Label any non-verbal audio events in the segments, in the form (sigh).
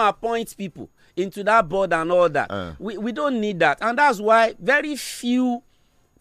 appoint people into that board and all that. Uh. We, we don't need that. And that's why very few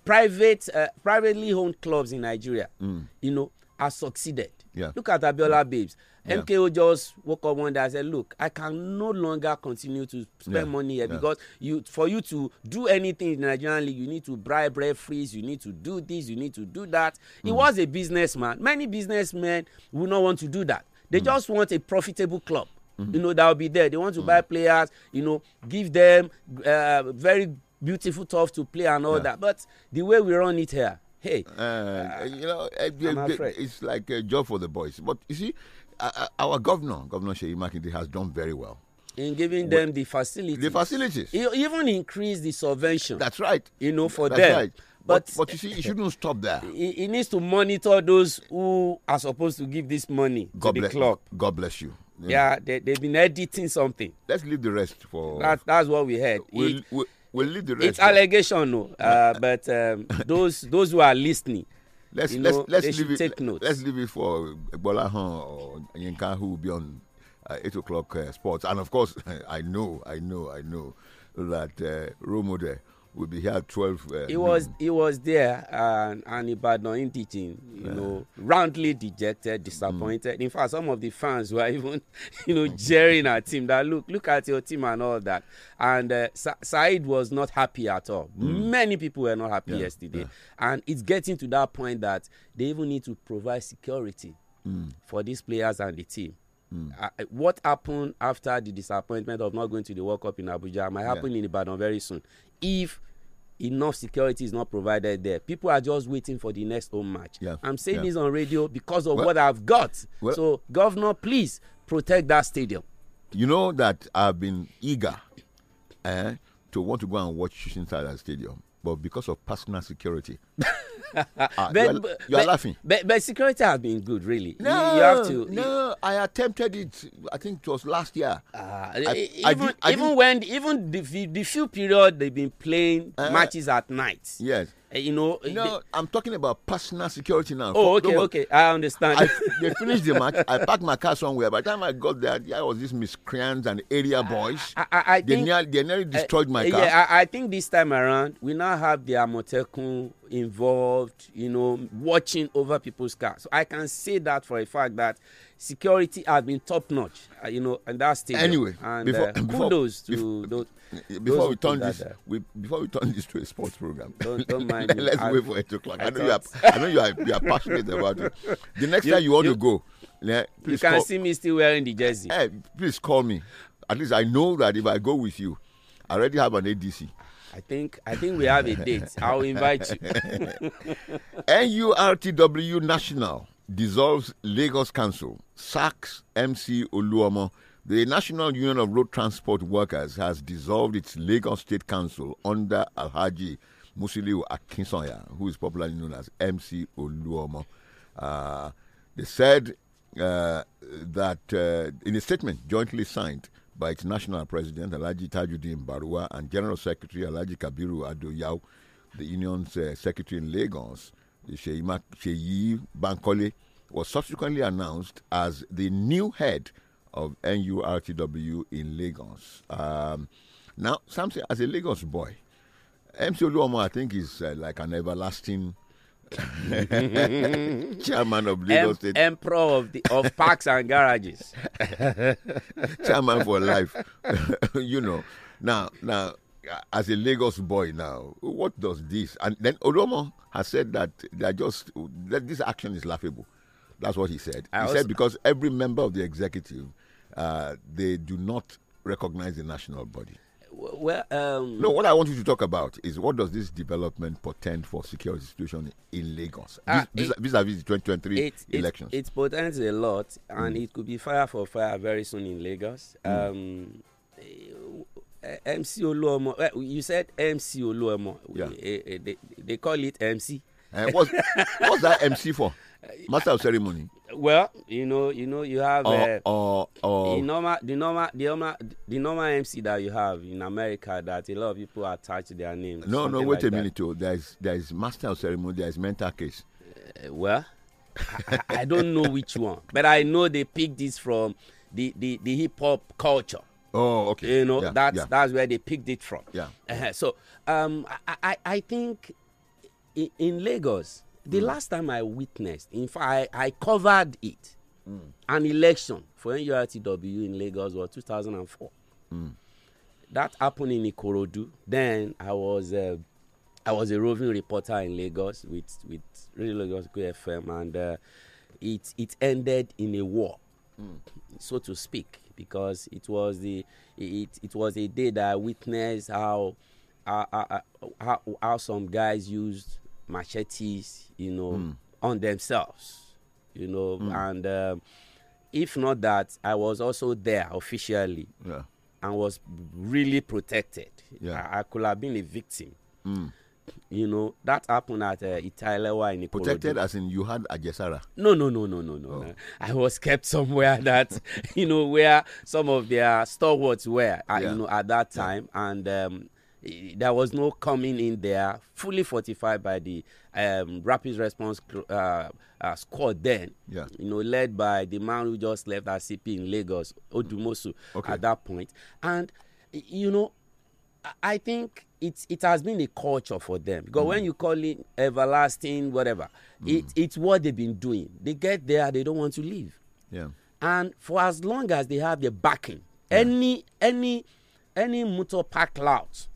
private uh, privately owned clubs in Nigeria, mm. you know, are succeeded. Yeah. Look at Abiola yeah. Mm. Babes. Yeah. MKO just woke up one day and said, Look, I can no longer continue to spend yeah. money here because you for you to do anything in the Nigerian League, you need to bribe referees, you need to do this, you need to do that. Mm. He was a businessman. Many businessmen would not want to do that. They mm. just want a profitable club hmm You know, that will be there. They want to mm-hmm. buy mm. players, you know, give them uh, very beautiful turf to play and all yeah. that. But the way we run it here, hey. Uh, uh, you know, eh, eh, eh, it's like a job for the boys. But you see, uh, uh, our governor, Governor Sheyi Makinde, has done very well in giving them the facilities. The facilities. He even increase the subvention. That's right. You know, for That's them. Right. But, but, but you see, it shouldn't stop there. (laughs) He, he, needs to monitor those who are supposed to give this money God to bless, the club. God bless you. Yeah. They they, they've been editing something. Let's leave the rest for that, that's what we heard. We'll, it, we'll, we'll leave the rest. It's for... allegation no. (laughs) Uh, but um, those those who are listening let's you know, let's let's leave it. Notes. Let's leave it for Bolahan or Yinka who will be on uh, eight o'clock uh, sports. And of course, (laughs) I know, I know, I know that uh, there. will be here at 12. Uh, he, was, he was there and, and Ibadan in teaching, you yeah. know, roundly dejected, disappointed. Mm. In fact, some of the fans were (laughs) even, you know, jeering at him that look, look at your team and all that. And uh, Sa- Said was not happy at all. Mm. Many people were not happy yeah. yesterday. Yeah. And it's getting to that point that they even need to provide security mm. for these players and the team. Mm. Uh, what happened after the disappointment of not going to the World Cup in Abuja might happen yeah. in Ibadan very soon. If enough security is not provided there, people are just waiting for the next home match. Yeah. I'm saying yeah. this on radio because of well, what I've got. Well, so, Governor, please protect that stadium. You know that I've been eager eh, to want to go and watch Shintada Stadium, but because of personal security. (laughs) ah, but, you, are, you are laughing. But, but, security has been good, really. No, you, you have to. No, you, I attempted it. I think it was last year. Uh, I, even I did, I even when even the, the few period they've been playing uh, matches at night. Yes. Eh, you know. No, they, I'm talking about personal security now. Oh, okay, no, okay, I understand. I, they finished the match. I parked my car somewhere. By the time I got there, there was these miscreants and area ah, boys. I, I, I they, think, nearly, they nearly destroyed my car. Yeah, I, think this time around we now have the Amotekun involved, you know, watching over people's cars. So I can say that for a fact that security has been top notch, uh, you know, and that's stadium. Anyway, and, before, uh, (laughs) before, kudos to before, those. (laughs) Before we turn this, we, before we turn this to a sports program, don't, don't (laughs) mind. let's me. wait for eight o'clock. I, I know you are, I know you are, you are passionate about it. The next you, time you want you, to go, yeah, please you can call, see me still wearing the jersey. Hey, eh, please call me. At least I know that if I go with you, I already have an ADC. I think I think we have a date. I'll invite you. (laughs) NURTW National dissolves Lagos Council, sacks MC Oluomo. The National Union of Road Transport Workers has dissolved its Lagos State Council under Alhaji Musiliu Akinsanya, who is popularly known as MC Oluomo. Uh, they said uh, that uh, in a statement jointly signed by its national president, Alaji Tajuddin Barua, and General Secretary Alaji Kabiru Adoyau, the union's uh, secretary in Lagos, Sheyi Bankole, was subsequently announced as the new head of NURTW in Lagos. Um, now, Samson, as a Lagos boy, MC Oluomo, I think, is uh, like an everlasting (laughs) Chairman of Lagos em- State. Emperor of, the, of parks and garages. (laughs) Chairman for life. (laughs) you know. Now, now, as a Lagos boy now, what does this? And then Oromo has said that they just that this action is laughable. That's what he said. I he also, said because every member of the executive, uh, they do not recognize the national body well, um, no, what I want you to talk about is what does this development portend for security situation in Lagos uh, vis- vis- vis the 2023 it, elections? It, it portends a lot, and mm. it could be fire for fire very soon in Lagos. Mm. Um, eh, MC Oluomo, eh, you said MC Oluomo. Yeah. They, eh, they, they call it MC. Uh, what's, (laughs) what's that MC for? Master of ceremony. Well, you know, you know, you have uh, uh, uh, the normal, the normal, the normal, the normal MC that you have in America that a lot of people attach their names. No, no, wait like a minute. Oh, there is there is master of ceremony. There is mental case. Uh, well, I, I don't know which one, but I know they picked this from the the, the hip hop culture. Oh, okay. You know, yeah, that's yeah. that's where they picked it from. Yeah. Uh So, um, I I, I think in, in Lagos, the mm. last time I witnessed, in fact, I, I covered it, mm. an election for NURTW in Lagos was 2004. Mm. That happened in Ikorodu. Then I was uh, I was a roving reporter in Lagos with with Radio Lagos QFM, and uh, it it ended in a war, hmm. so to speak, because it was the it it was a day that I witnessed how. How, how, how, some guys used machetes, you know, mm. on themselves, you know. Mm. And um, if not that, I was also there officially yeah. and was really protected. Yeah. I, I, could have been a victim. Mm. You know, that happened at uh, Italewa in Ikorodu. Protected as in you had Ajesara? No, no, no, no, no, no. Oh. I was kept somewhere (laughs) that, you know, where some of their stalwarts were, uh, yeah. you know, at that time. And um, there was no coming in there fully fortified by the um, rapid response uh, uh, squad then. Yeah. You know, led by the man who just left ACP in Lagos, Odumosu, okay. at that point. And, you know, I think it, it has been a culture for them. Because mm. when you call it everlasting, whatever, mm. it, it's what they've been doing. They get there, they don't want to leave. Yeah. And for as long as they have their backing, yeah. any, any, any motor pack clout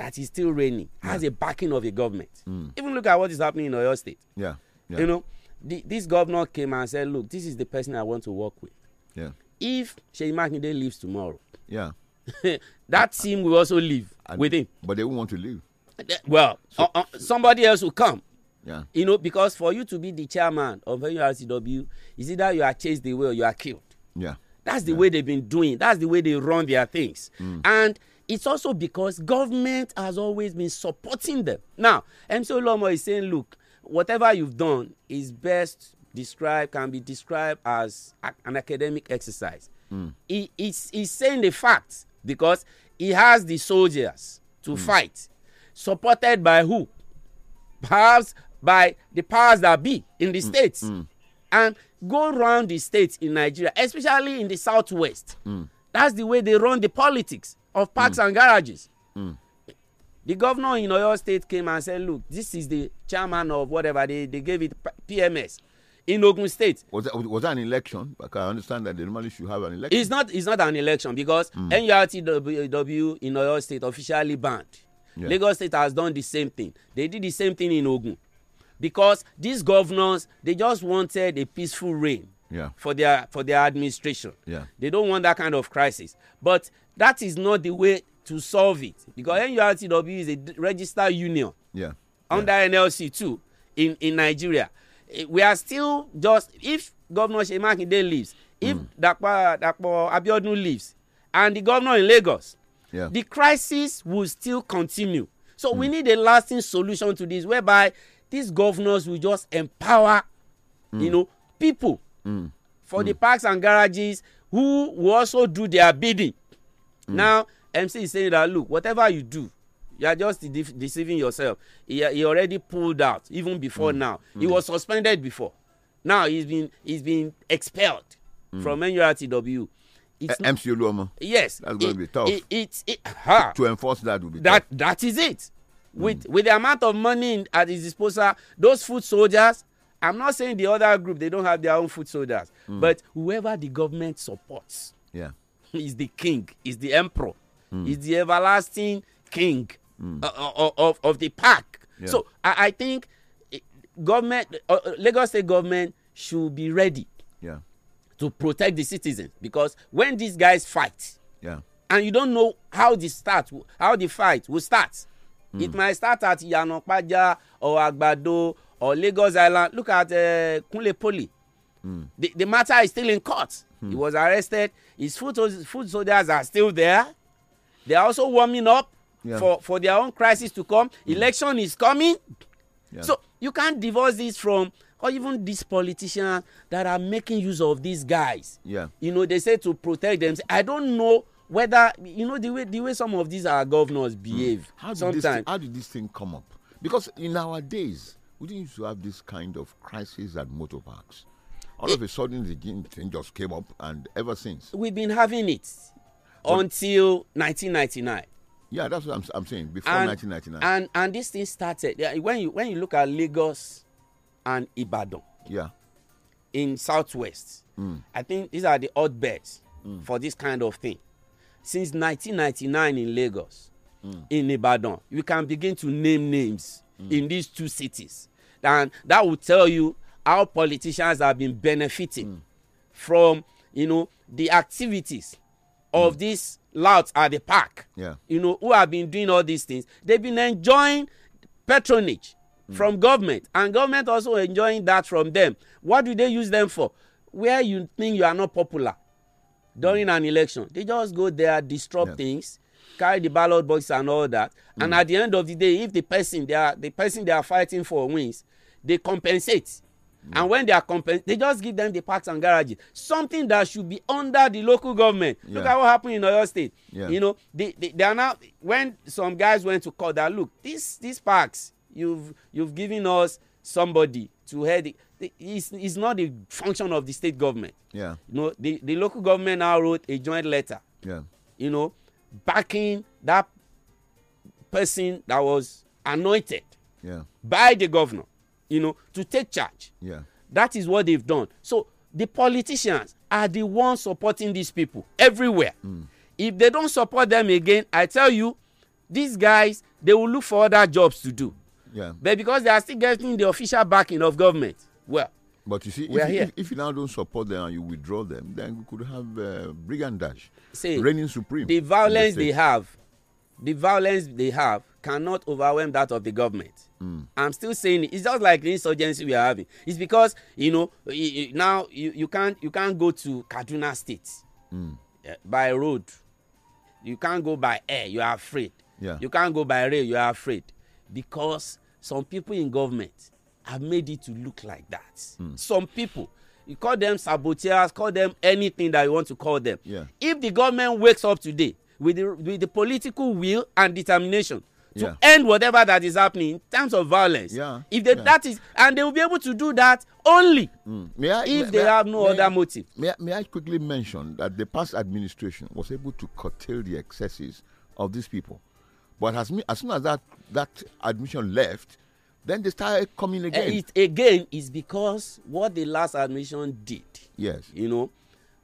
that is still reigning yeah. has a backing of a government. Mm. Even look at what is happening in Oyo State. Yeah. yeah. You know, the, this governor came and said, look, this is the person I want to work with. Yeah. If Sheyi Makinde leaves tomorrow, yeah, (laughs) that team will also leave and, with him. But they won't want to leave. Eh, well, so, uh, uh, somebody else will come. Yeah. You know, because for you to be the chairman of NURCW, is either you are chased away or you are killed. Yeah. That's the yeah. way they've been doing. That's the way they run their things. Mm. And it's also because government has always been supporting them. Now, MCO Lomo is saying, look, whatever you've done is best described, can be described as an academic exercise. Mm. He, he's, he's saying the facts because he has the soldiers to mm. fight, supported by who? Perhaps by the powers that be in the mm. states. Hmm. And go round the states in Nigeria, especially in the southwest. Hmm. That's the way they run the politics. of parks mm. and garages. Mm. The governor in Oyo State came and said, look, this is the chairman of whatever. They, they gave it PMS in Ogun State. Was that, was that an election? Like I understand that they normally should have an election. It's not, it's not an election because mm. NURTW in Oyo State officially banned. Yeah. Lagos State has done the same thing. They did the same thing in Ogun because these governors, they just wanted a peaceful reign. Yeah. for their for their administration. Yeah. They don't want that kind of crisis. But that is not the way to solve it because mm. nurtw is a registered union yeah under yeah. nlc too in in nigeria eh, we are still just if governor shemakinde leaves if mm. dapo dapo abiodun leaves and the governor in lagos yeah. the crisis will still continue so mm. we need a lasting solution to this whereby these governors will just empower mm. you know people mm. for the mm. parks and garages who will also do their bidding Mm. now mc is saying that look whatever you do you are just de deceiving yourself he, he already pulled out even before mm. now mm. he was suspended before now he's been he's been expelled mm. from nurtw eh, MC Oluomo. Yes, that's going to be tough. It, it, it, uh, to enforce that would be that tough. that is it. Mm. With mm. with the amount of money at his disposal, those foot soldiers. I'm not saying the other group they don't have their own foot soldiers, mm. but whoever the government supports, yeah, is the king, is the emperor, mm. is the everlasting king mm. of, uh, uh, uh, of, of the park. Yeah. So I, I think eh, government, uh, Lagos state government should be ready yeah. to protect the citizens because when these guys fight, yeah. and you don't know how the start, how the fight will start. Mm. It might start at Yanopaja or Agbado or Lagos Island. Look at uh, Kunle Poli Mm. The, the matter is still in court. Mm. He hmm. was arrested. His food, food soldiers are still there. They are also warming up yeah. for, for their own crisis to come. Mm. Election is coming. Yeah. So you can't divorce this from or even these politicians that are making use of these guys. Yeah. You know, they say to protect them. I don't know whether you know the way the way some of these our governors hmm. behave. Mm. How did sometimes. This, thing, how did this thing come up? Because in our days, we didn't used to have this kind of crisis at motor parks. All of a sudden, the gene thing just came up, and ever since we've been having it but, until 1999. Yeah, that's what I'm, I'm saying. Before and, 1999, and and this thing started when you when you look at Lagos and Ibadan. Yeah. In Southwest, mm. I think these are the oddbeds mm. for this kind of thing. Since 1999 in Lagos, mm. in Ibadan, you can begin to name names mm. in these two cities, and that will tell you how politicians have been benefiting mm. from you know the activities of mm. these louts at the park yeah. you know who have been doing all these things they've been enjoying patronage mm. from government and government also enjoying that from them what do they use them for where you think you are not popular during hmm. an election they just go there disrupt yeah. things carry the ballot box and all that and hmm. at the end of the day if the person they are the person they are fighting for wins they compensate Mm. And when they are compensated, they just give them the parks and garages. Something that should be under the local government. Yeah. Look at what happened in Oyo State. Yeah. You know, they, they, they, are now when some guys went to call that look, this these parks, you've you've given us somebody to head it. It's, it's not the function of the state government. Yeah. You know, the, the local government now wrote a joint letter. Yeah. You know, backing that person that was anointed yeah. by the governor you know, to take charge. Yeah. That is what they've done. So the politicians are the ones supporting these people everywhere. Mm. If they don't support them again, I tell you, these guys, they will look for other jobs to do. Yeah. But because they are still getting the official backing of government, well, but you see, if you, if, you now don't support them and you withdraw them, then we could have uh, brigandage see, reigning supreme. The violence the they have, the violence they have, cannot overwhelm that of the government. Mm. I'm still saying it. it's just like the insurgency we are having. It's because you know now you, you can't you can't go to Kaduna State mm. by road. You can't go by air. You are afraid. Yeah. You can't go by rail. You are afraid because some people in government have made it to look like that. Mm. Some people you call them saboteurs, call them anything that you want to call them. Yeah. If the government wakes up today with the, with the political will and determination to yeah. end whatever that is happening in terms of violence. Yeah. If they, yeah. that is, and they will be able to do that only mm. I, if may, they may have no other motive. May I, may I quickly mention that the past administration was able to curtail the excesses of these people, but as, as soon as that that admission left, then they started coming eh, again. it again is because what the last admission did. Yes. You know,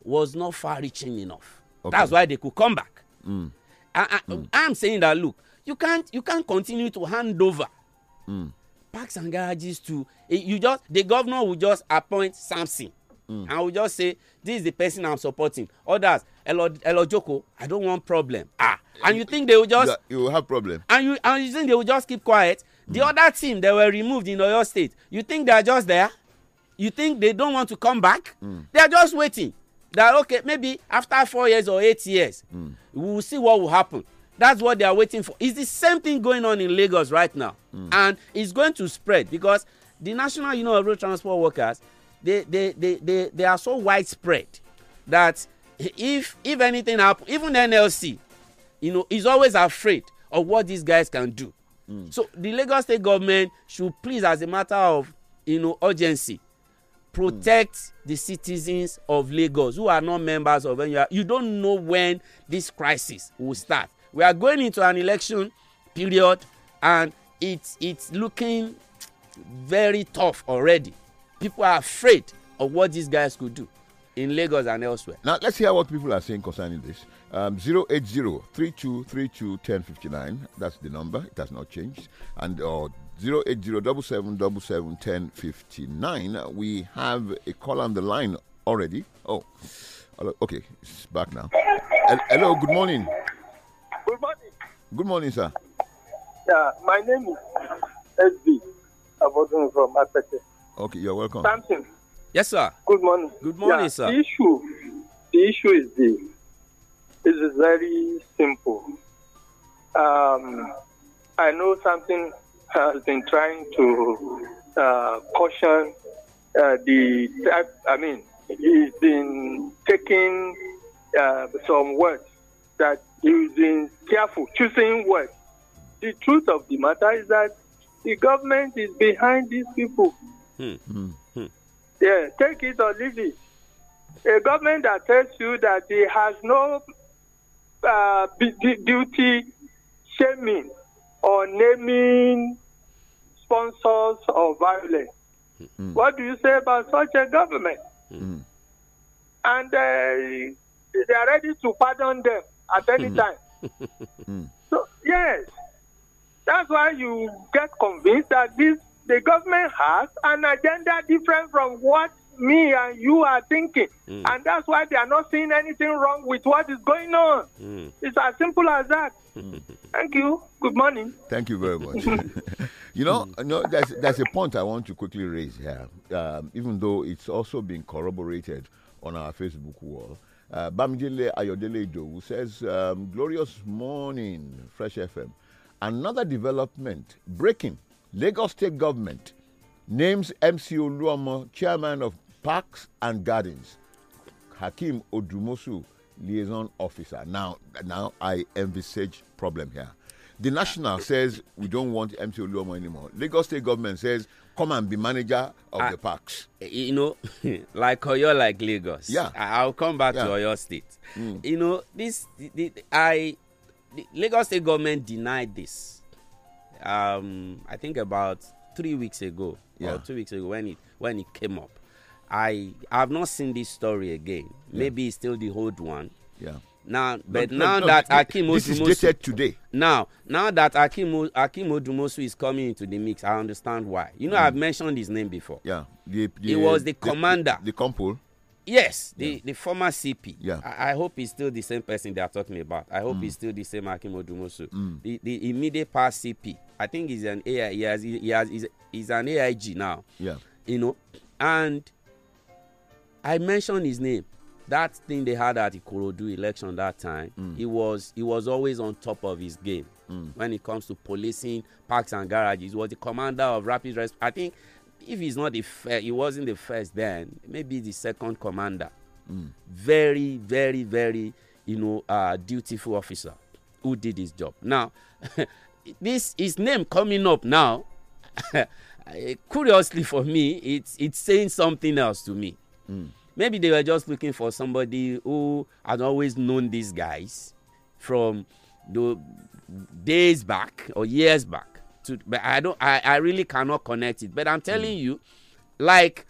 was not far-reaching enough. Okay. That's why they could come back. Mm. I, am mm. saying that look, you can't you can't continue to hand over mm. parks and garages to eh, you just the governor will just appoint something. Mm. and will just say this is the person i'm supporting others elojoko i don't want problem ah and you think they will just you will have problem and you and you think they will just keep quiet the mm. other team they were removed in oyo state you think they are just there you think they don't want to come back mm. they are just waiting that okay maybe after four years or eight years mm. we will see what will happen that's what they are waiting for. It's the same thing going on in Lagos right now. Mm. And it's going to spread because the National Union you know, of Road Transport Workers, they, they, they, they, they are so widespread that if if anything happens, even NLC, you know, is always afraid of what these guys can do. Mm. So the Lagos state government should please, as a matter of you know urgency, protect mm. the citizens of Lagos who are not members of NUR. You don't know when this crisis will start we are going into an election period and it's it's looking very tough already people are afraid of what these guys could do in lagos and elsewhere. now let's hear what people are saying concerning this um, 080-3232-1059 that's the number it has not changed and or uh, 080-7777-1059 we have a call on the line already oh okay it's back now hello good morning Good morning, sir. Yeah, my name is SB. I'm from Apete. Okay, you're welcome. Samson. Yes, sir. Good morning. Good morning, yeah, sir. The issue, the issue is this. It is very simple. Um, I know something has been trying to uh, caution uh, the. I mean, he's been taking uh, some words that using careful, choosing words. The truth of the matter is that the government is behind these people. Hmm. Hmm. hmm Yeah, take it or leave it. A government that tells you that it has no uh, duty shaming or naming sponsors of violence. hmm What do you say about such a government? hmm And uh, they are ready to pardon them at any (laughs) time. Hmm. so, yes, that's why you get convinced that this the government has an agenda different from what me and you are thinking. Mm. And that's why they are not seeing anything wrong with what is going on. Mm. It's as simple as that. Hmm. Thank you. Good morning. Thank you very much. (laughs) you know, no, there's, there's a point I want to quickly raise here, um, even though it's also been corroborated on our Facebook wall. Uh, Bamjile Ayodele Idowu says, um, Glorious morning, Fresh FM. Another development breaking Lagos State government names MC Oluomo chairman of Parks and Gardens. Hakim Odumosu liaison officer. Now, now I envisage problem here. The National says we don't want MC Oluomo anymore. Lagos State government says come and be manager of I, ah, the parks? Eh, you know, (laughs) like Oyo, like Lagos. Yeah. I'll come back yeah. to Oyo State. Mm. You know, this, the, the, I, the Lagos State government denied this. Um, I think about three weeks ago yeah. or two weeks ago when it when it came up. I have not seen this story again. Yeah. Maybe it's still the old one. Yeah. Now, but no, now no, that Akim Odumosu, is Now, now that Akim Akim Odumosu is coming into the mix, I understand why. You know, mm. I've mentioned his name before. Yeah, the, the, he was the, the commander. The, the compole. Yes, the, yeah. the former CP. Yeah. I, I, hope he's still the same person they are talking about. I hope mm. he's still the same Akim Odumosu. Mm. The, the immediate past CP. I think he's an AI. He has, he has, he's, he's an AIG now. Yeah. You know, and I mentioned his name that thing they had at Ikorodu election that time, mm. he was he was always on top of his game mm. when it comes to policing parks and garages. He was the commander of rapid response. I think if he's not the first, he wasn't the first then, maybe the second commander. Mm. Very, very, very, you know, uh, dutiful officer who did his job. Now, (laughs) this his name coming up now. (laughs) curiously for me, it's it's saying something else to me. Mm. Maybe they were just looking for somebody who had always known these guys from the days back or years back. To, but I don't. I, I really cannot connect it. But I'm telling mm. you, like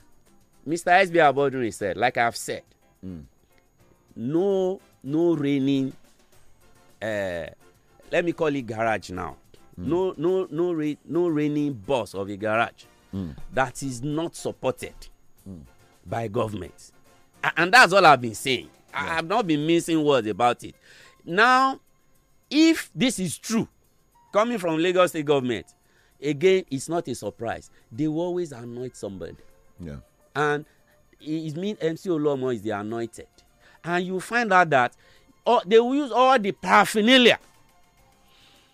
Mr. S.B. Abodun said, like I've said, mm. no no raining. Uh, let me call it garage now. Mm. No no no ra no raining boss of a garage mm. that is not supported mm. by government. and that's all i've been saying yeah. i've not been missing words about it now if this is true coming from lagos state government again it's not a surprise they will always anoint somebody yeah. and it means mc olomo is the anointed and you find out that all, oh, they will use all the paraphernalia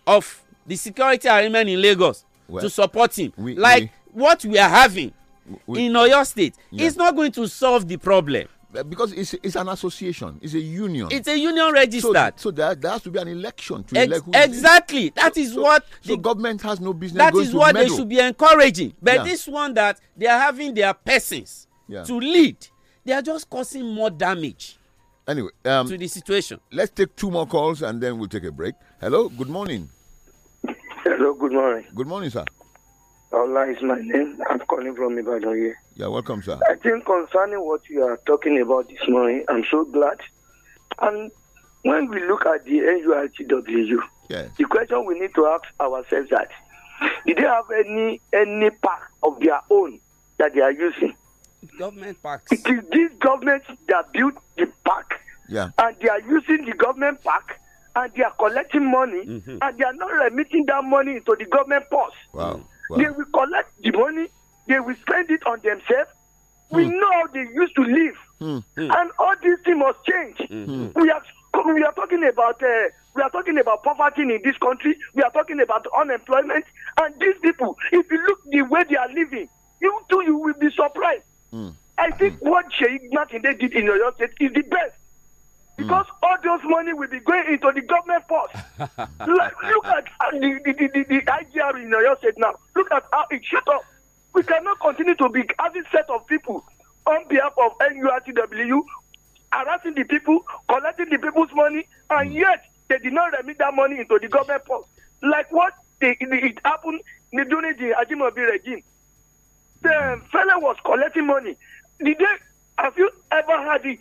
of the security arrangement in lagos well, to support him we, like we, what we are having we, in oyo state yeah. is not going to solve the problem Uh, because it's, it's an association, it's a union. It's a union registered. So, so there, there, has to be an election to Ex elect Exactly. Is. That is so, what so the government has no business. That is what they should be encouraging. But yeah. this one that they are having their persons yeah. to lead, they are just causing more damage. Anyway, um, to the situation. Let's take two more calls and then we'll take a break. Hello. Good morning. Hello. Good morning. Good morning, sir. Allah is my name. I'm calling from Ibadan here. Yeah, welcome, sir. I think concerning what you are talking about this morning, I'm so glad. And when we look at the NURTW, yes. the question we need to ask ourselves that did they have any any park of their own that they are using? Government parks. It is this government that built the park. Yeah. And they are using the government park and they are collecting money mm-hmm. and they are not remitting that money into the government purse. Wow. Wow. They will collect the money, they will spend it on themselves. Mm. We hmm. know how they used to live. Mm. And all these things must change. Mm. We, are, we are talking about uh, we are talking about poverty in this country. We are talking about unemployment. And these people, if you look the way they are living, you too you will be surprised. I think what Sheikh they did in your State is the best because mm. all those money will be going into the government force. (laughs) like, look at the, the, the, the IGR in your state now. continue to be having set of people on behalf of NURTW harassing the people, collecting the people's money, and hmm. yet they did not remit that money into the government post. Like what they, it happened during the Ajimobi regime. The fellow was collecting money. Did they, have you ever had it?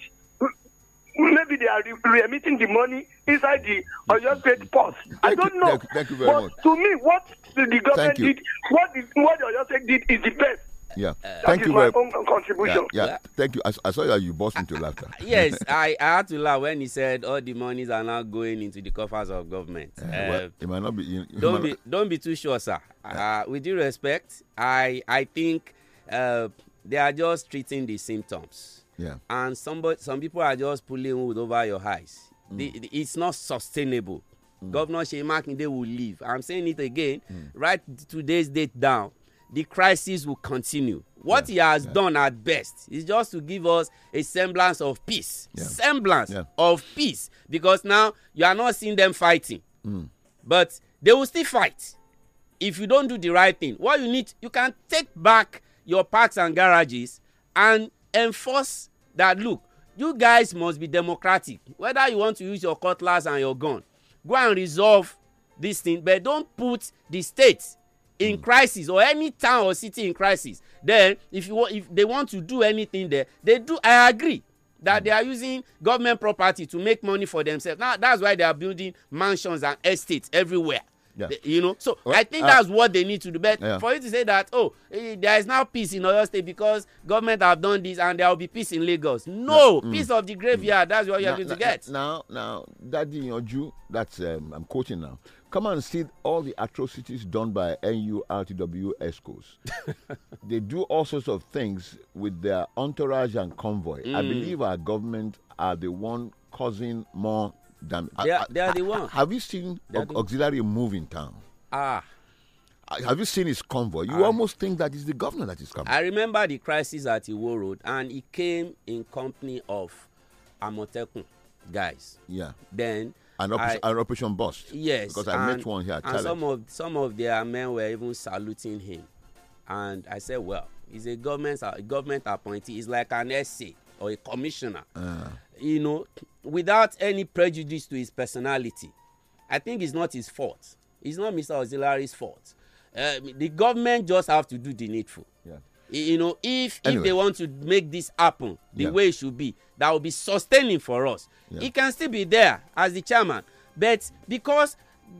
Maybe they are remitting the money inside the Oyo State post. I don't know. Thank you, thank you very but much. To me, what the government did, what the, what Oyo State did is the best. Yeah. Uh, Thank you. Is my own contribution. Yeah, yeah. yeah. Thank you. I, I, saw that you burst into laughter. (laughs) yes, (laughs) I, I, had to laugh when he said all the monies are now going into the coffers of government. Eh, uh, well, it might not be. don't be not... don't be too sure, sir. Uh, with due respect, I I think uh, they are just treating the symptoms. Yeah. And somebody some people are just pulling wood over your eyes. Mm. The, the, it's not sustainable. Mm. Governor Shea they will leave. I'm saying it again. Mm. Write today's date down the crisis will continue. What yeah, he has yeah. done at best is just to give us a semblance of peace. Yeah. Semblance of peace. Because now you are not seeing them fighting. Mm. But they will still fight if you don't do the right thing. What you need, you can take back your parks and garages and enforce that look, you guys must be democratic. Whether you want to use your cutlass and your gun, go and resolve this thing, but don't put the state in crisis or any town or city in crisis then if you if they want to do anything there they do i agree that they are using government property to make money for themselves now that's why they are building mansions and estates everywhere yeah. you know so well, i think uh, that's what they need to do but yeah. for you to say that oh eh, there is now peace in oyo state because government have done this and there will be peace in lagos no, no. Mm. peace of the graveyard mm. that's what you are going to get. now now daddy yanju that's um, i'm quoting now Come and see all the atrocities done by NURTW escorts. (laughs) they do all sorts of things with their entourage and convoy. Mm. I believe our government are the one causing more damage. They are, uh, they are the one. Have you seen auxiliary the... move in town? Ah. Have you seen his convoy? You I, almost think that it's the governor that is coming. I remember the crisis at Iwo Road, and he came in company of Amotekun guys. Yeah. Then an, operation, I, an operation bust. Yes, because I and, met one here. and some of some of their men were even saluting him, and I said, "Well, he's a government a government appointee. He's like an essay or a commissioner, uh. you know, without any prejudice to his personality. I think it's not his fault. It's not Mr. Ozilari's fault. Uh, the government just have to do the needful." Yeah you know if anyway. if they want to make this happen the yeah. way it should be that will be sustaining for us yeah. he can still be there as the chairman but because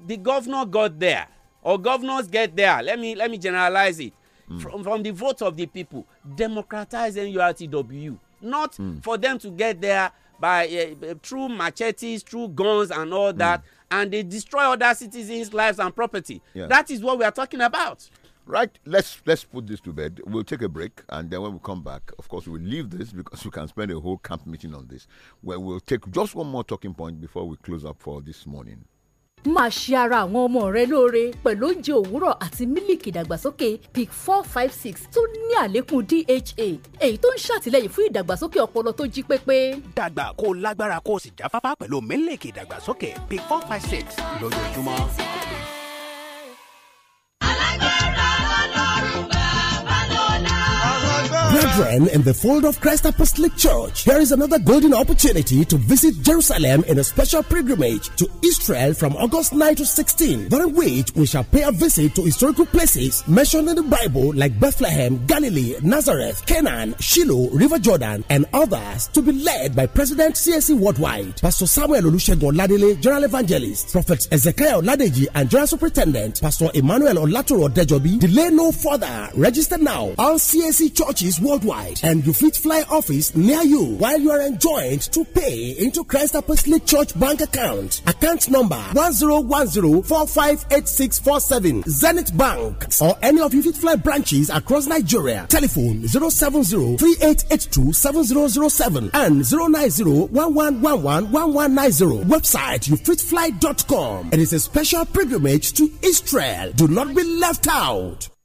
the governor got there or governors get there let me let me generalize it mm. from from the vote of the people democratize nurtw not mm. for them to get there by uh, through machetes through guns and all that mm. and they destroy other citizens lives and property yeah. that is what we are talking about Right, let's let's put this to bed. We'll take a break, and then when we come back, of course, we'll leave this because (laughs) we can spend a whole camp meeting on this. Where we'll take just one more talking point before we close up for this morning. máa ṣe ara àwọn ọmọ rẹ lóore pẹ̀lú oúnjẹ òwúrọ̀ àti mílìkì ìdàgbàsókè pic four five six tó ní àlékún dha èyí tó ń ṣàtìlẹ́yìn fún ìdàgbàsókè ọpọlọ tó jí pépé. dàgbà kó o lágbára kó o sì jáfáfá pẹ̀lú mílìkì ìdàgbàsókè pic four five six lójoojúmọ́. brethren in the fold of Christ Apostolic Church, here is another golden opportunity to visit Jerusalem in a special pilgrimage to Israel from August 9 to 16, during which we shall pay a visit to historical places mentioned in the Bible like Bethlehem, Galilee, Nazareth, Canaan, Shiloh, River Jordan, and others to be led by President CSE Worldwide, Pastor Samuel Olusegun Ladele, General Evangelist, Prophet Ezekiel Ladeji, and General Superintendent, Pastor Emmanuel Olatoro Dejobi. Delay no further. Register now. All CSC churches worldwide worldwide and you fit fly office near you while you are enjoined to pay into Christ Apostolic Church bank account. Account number 1010458647 Zenith Bank or any of you fit fly branches across Nigeria. Telephone 70 and 7007 and 090-1111-1190. And It is a special pilgrimage to Israel. Do not be left out.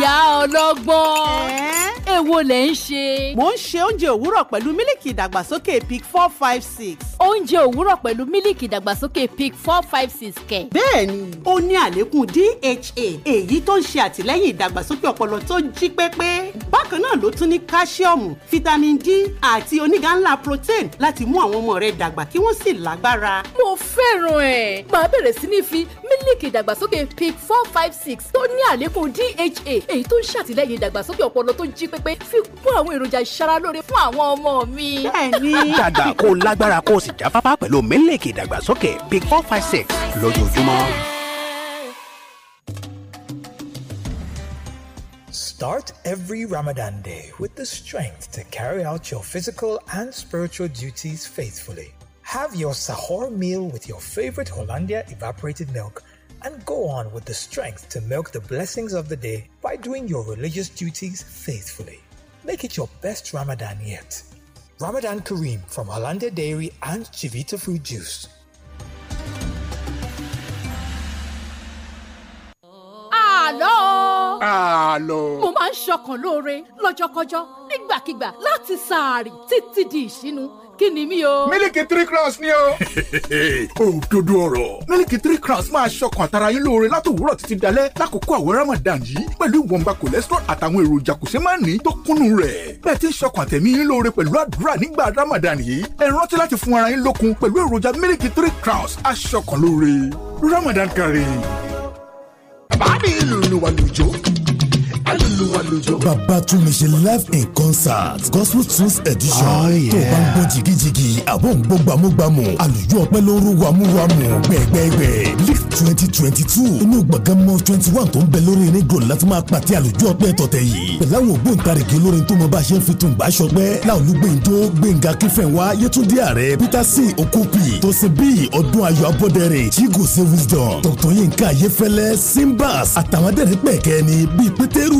ìyá ọlọ́gbọ́n èwo lẹ̀ ń ṣe. mo ń ṣe oúnjẹ òwúrọ̀ pẹ̀lú mílìkì ìdàgbàsókè pic four five six. oúnjẹ òwúrọ̀ pẹ̀lú mílìkì ìdàgbàsókè pic four five six kẹ̀. bẹ́ẹ̀ni ó ní àlékún DHA èyí tó ń ṣe àtìlẹ́yìn ìdàgbàsókè ọpọlọ tó jí pépé bákan náà ló tún ní káṣíọ̀mù fítámìn d àti onígà protein láti mú àwọn ọmọ rẹ dàgbà kí wọ́n sì lágbára. mo fẹ́ràn ẹ̀ máa bẹ̀rẹ̀ sí ní fi mílíkì ìdàgbàsókè pic four five six tó ní àlékún dha èyí tó ń ṣàtìlẹ́yìn ìdàgbàsókè ọpọlọ tó jí pépé fi kún àwọn èròjà ìṣaralóore fún àwọn ọmọ mi. bẹ́ẹ̀ni. (laughs) dàgbà kó lágbára kó o sì jáfáfá pẹ̀lú mílíkì ìdàgbàsókè pic four five six lójoojúmọ́. Start every Ramadan day with the strength to carry out your physical and spiritual duties faithfully. Have your sahur meal with your favorite Hollandia evaporated milk and go on with the strength to milk the blessings of the day by doing your religious duties faithfully. Make it your best Ramadan yet. Ramadan Kareem from Hollandia Dairy and Chivita Fruit Juice. àlọ́. àlọ́. mo máa ń ṣọkàn lóore lọ́jọ́kọjọ́ nígbàkigbà láti sàárì títí di ìṣínú kí ni mí o. mílìkì three crowns ni o. (laughs) òdodo ọ̀rọ̀ mílìkì three crowns máa ṣọkàn àtàrà yín lóore látòwúrọ̀ títí dalẹ́ lákòókò àwọn ramadan yìí pẹ̀lú ìwọ̀nba cholesterol àtàwọn èròjà kò ṣe máa ní tó kúnnú rẹ̀. bẹ́ẹ̀ ti ń ṣọkàn àtẹ̀mí yín lóore pẹ̀lú àdúrà nígbà ramadan yìí ẹ rántí láti fún ara yín lókun pẹ̀lú èròjà mílìkì three crowns aṣọkàn lóore ramadan kari. Babylon, mi lùlù wà joke bàbá tún mi ṣe live in concert gospel tunes edition oh, tó bá ń gbọ́ jigijigi àbọ̀ ń gbọ́ gbàmúgbàmù àlùjọ ọpẹ́ ló ń rú wàmúwàmù gbẹ̀gbẹ̀gbẹ̀ lift twenty twenty two inú gbọ̀ngàn mọ́ twenty one tó ń bẹ lórí eré gòlù láti máa pàtẹ àlùjọ ọpẹ́ tọ̀tẹ̀ yìí pẹ̀lú àwọn ògbóǹtarìgì olórin tó mọ bá ṣe ń fi tùǹgbà ṣọpẹ́ láòlú gbẹ̀ǹdó gbẹ̀ǹgà kífẹ̀wá yẹtúndí ààrẹ yinka ayefẹlẹ simbas àtàwọn adẹ́rìn pẹ̀kẹ́ ni bíi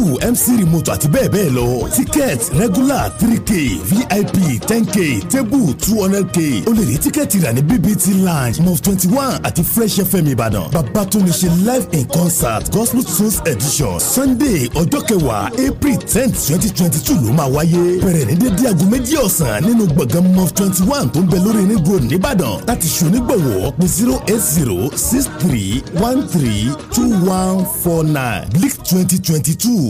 mc remote àti bẹ́ẹ̀ bẹ́ẹ̀ lọ ticket regular three k vip ten k table two hundred k o lè rí tíkẹ́ẹ̀tì rà ní bbt lounge mof twenty one àti fresh fm ìbàdàn babatunde live in concert gospel tunes edition sunday ọjọ́ kẹwàá april tenth twenty twenty two ló máa wáyé bẹ̀rẹ̀ ní dédé aago méjì ọ̀sán nínú gbọ̀ngàn mof twenty one tó ń bẹ lórí ní road nìbàdàn láti ṣonígbọ̀wọ́ pé zero eight zero six three one three two one four nine leak twenty twenty two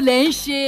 认识。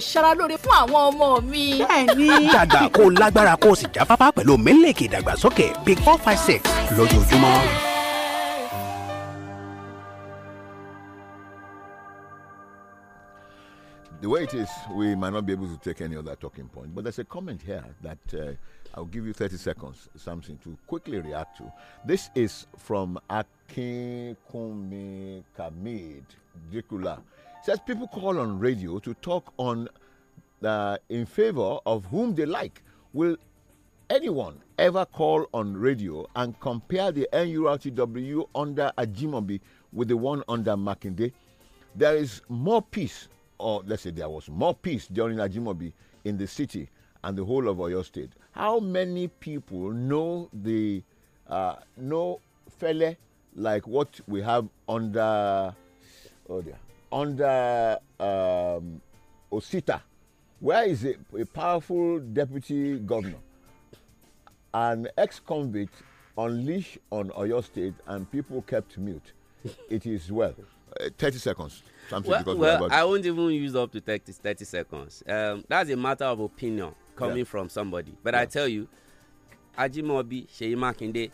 ìṣaralóore fún àwọn ọmọ mi. bẹ́ẹ̀ni. (laughs) kó lágbára kó sì jáfáfá pẹ̀lú mílíkì ìdàgbàsókè big four five six lójoojúmọ́. the way it is, we might not be able to take any other talking point. But there's a comment here that uh, I'll give you 30 seconds, something to quickly react to. This is from Kumi Kamid Dikula says people call on radio to talk on uh, in favor of whom they like. Will anyone ever call on radio and compare the NURTW under Ajimobi with the one under Makinde? There is more peace, or let's say there was more peace during Ajimobi in the city and the whole of Oyo State. How many people know the uh, know Fele like what we have under? Oh dear under um, Osita, where is a, a powerful deputy governor, an ex-convict unleashed on Oyo State, and people kept mute. It is well. Uh, 30 seconds. Something well, well I won't even use up to 30, 30 seconds. Um, that's a matter of opinion coming yeah. from somebody. But yeah. I tell you, Ajimobi, Sheyi Makinde,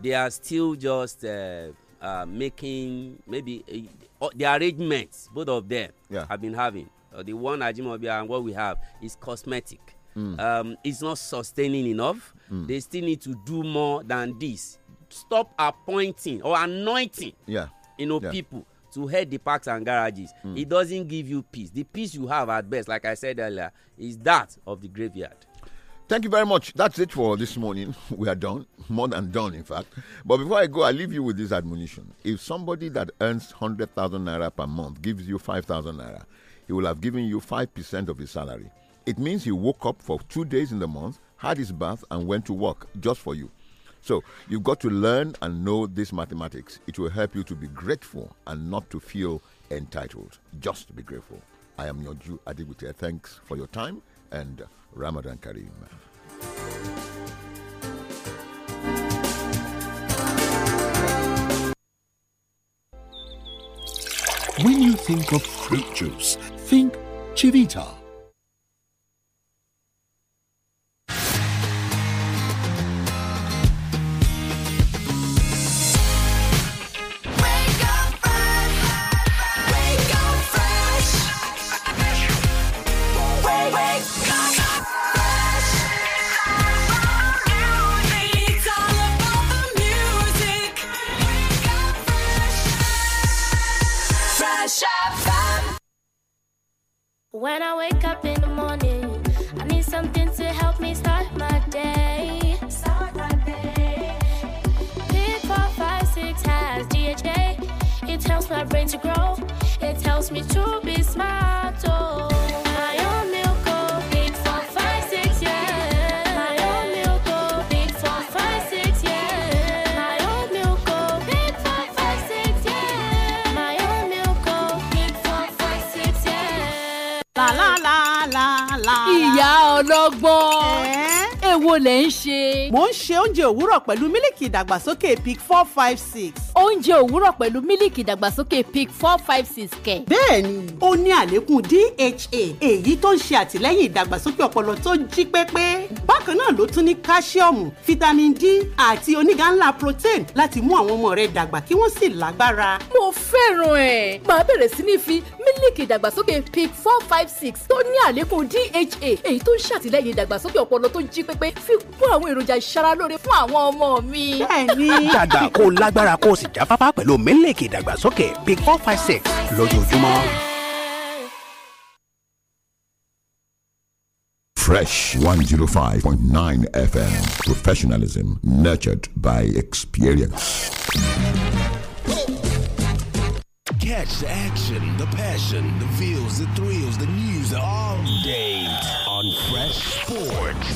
they are still just uh, uh, making maybe uh, the arrangements both of them yeah. have been having uh, the one Ajimobi and what we have is cosmetic. Mm. Um, it's not sustaining enough. Mm. They still need to do more than this. Stop appointing or anointing, yeah. you know, yeah. people to head the parks and garages. Mm. It doesn't give you peace. The peace you have at best, like I said earlier, is that of the graveyard. Thank you very much. That's it for this morning. (laughs) We are done, more than done, in fact. But before I go, I leave you with this admonition. If somebody that earns 100,000 naira per month gives you 5,000 naira, he will have given you 5% of his salary. It means he woke up for two days in the month, had his bath, and went to work just for you. So you've got to learn and know this mathematics. It will help you to be grateful and not to feel entitled. Just be grateful. I am your Jew Adibute. Thanks for your time and. Ramadan Kareem. When you think of fruit juice, think Chivita òwúrọ̀ pẹ̀lú mílìkì ìdàgbàsókè pic four five six oúnjẹ òwúrọ̀ pẹ̀lú mílíkì ìdàgbàsókè pic four five six kẹ̀. bẹ́ẹ̀ni ó ní àlékún DHA èyí tó ń ṣe àtìlẹ́yìn ìdàgbàsókè ọpọlọ tó jí pépé bákan náà ló tún ní káṣíọ̀mù fítámìn D àti onígá ńlá protein láti mú àwọn ọmọ rẹ dàgbà kí wọ́n sì lágbára. mo fẹ́ràn ẹ̀ máa bẹ̀rẹ̀ sí ní fi mílíkì ìdàgbàsókè pic four five six tó ní àlékún DHA èyí tó ń ṣàtìlẹ́yìn ìdàgbàsókè ọpọlọ tó jí pépé fi kún àwọn èròjà ìṣaralóore fún àwọn ọmọ mi. bẹ́ẹ̀ni dàgbà kó lágbára kó sì jáfáfá pẹ̀lú mílíkì ìdàgbàsókè Peak four five six lójoojúmọ́. Fresh 105.9 FM. Professionalism nurtured by experience. Catch the action, the passion, the feels, the thrills, the news all day on Fresh Sports.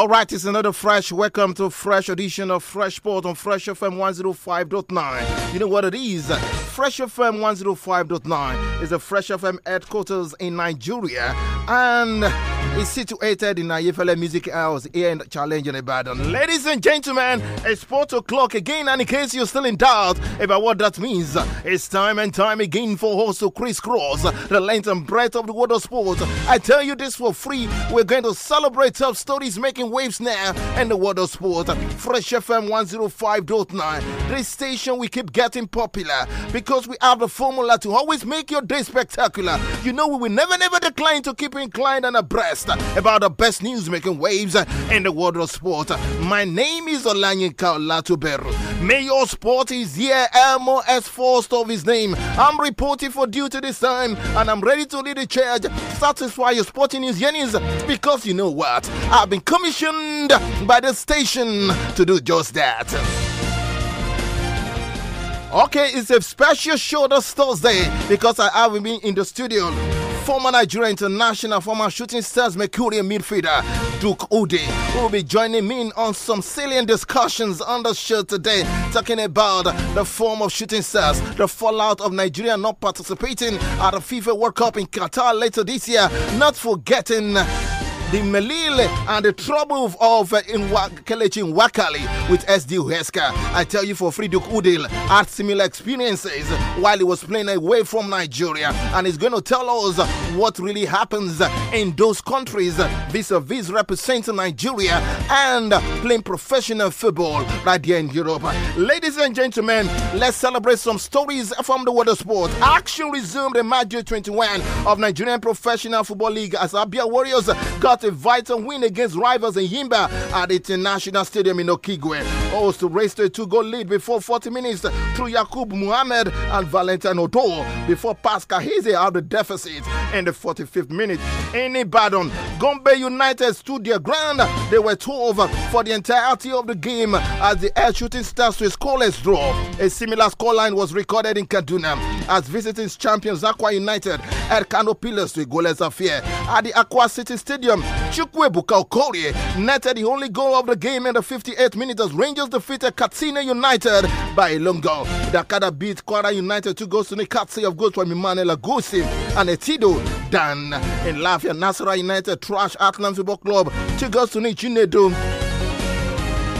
All right, it's another fresh welcome to fresh edition of Fresh Sport on Fresh FM 105.9. You know what it is? Fresh FM 105.9 is the Fresh FM headquarters in Nigeria and is situated in Ayefele Music House here in Challenge in Ibadan. Ladies and gentlemen, it's 4 o'clock again, and in case you're still in doubt about what that means, it's time and time again for us to crisscross the length and breadth of the world of sports. I tell you this for free, we're going to celebrate top stories making waves now and the world of sport. Fresh FM 105.9. This station we keep getting popular because we have the formula to always make your day spectacular. You know, we will never, never decline to keep inclined and abreast about the best news making waves in the world of sport. My name is Olanyinka Olatuberu. Mayor Sport is here, as S. of his name. I'm reporting for duty this time and I'm ready to lead the charge. Satisfy your sporting news Yennies, because you know what? I've been commissioned commissioned by the station to do just that. Okay, it's a special show this Thursday because I have been in the studio. Former Nigeria international, former shooting stars, Mercurian midfielder Duke Ude, who will be joining me on some salient discussions on the show today, talking about the form of shooting stars, the fallout of Nigeria not participating at the FIFA World Cup in Qatar later this year, not forgetting the Melil and the trouble of uh, in Kelechi Wakali with SD Huesca. I tell you for Friduk Udil had similar experiences while he was playing away from Nigeria and he's going to tell us what really happens in those countries vis-a-vis representing Nigeria and playing professional football right here in Europe. Ladies and gentlemen, let's celebrate some stories from the world of sport. Action resumed in March 21 of Nigerian Professional Football League as Abia Warriors got a vital win against rivals in Yimba at International Stadium in Okigwe. also raced to a two-goal lead before 40 minutes through Yakub Muhammad and Valentin Odo before Pascal Hize out the deficit in the 45th minute. Any badon, Gombe United stood their ground. They were two over for the entirety of the game as the air shooting stars to a scoreless draw. A similar scoreline was recorded in Kaduna as visiting champions Aqua United had Kano Pillars to a goalless affair. At the Aqua City Stadium, Chukwe Bukalkorie netted the only goal of the game in the 58th minute as Rangers defeated Katsina United by a long goal. Dakada beat Kwara United two goals to Nikatsi of goals from Emmanuel Agusi and Etido Dan. In Lafia, Nasara United trash Atlanta Football Club two goals to Nichinedo.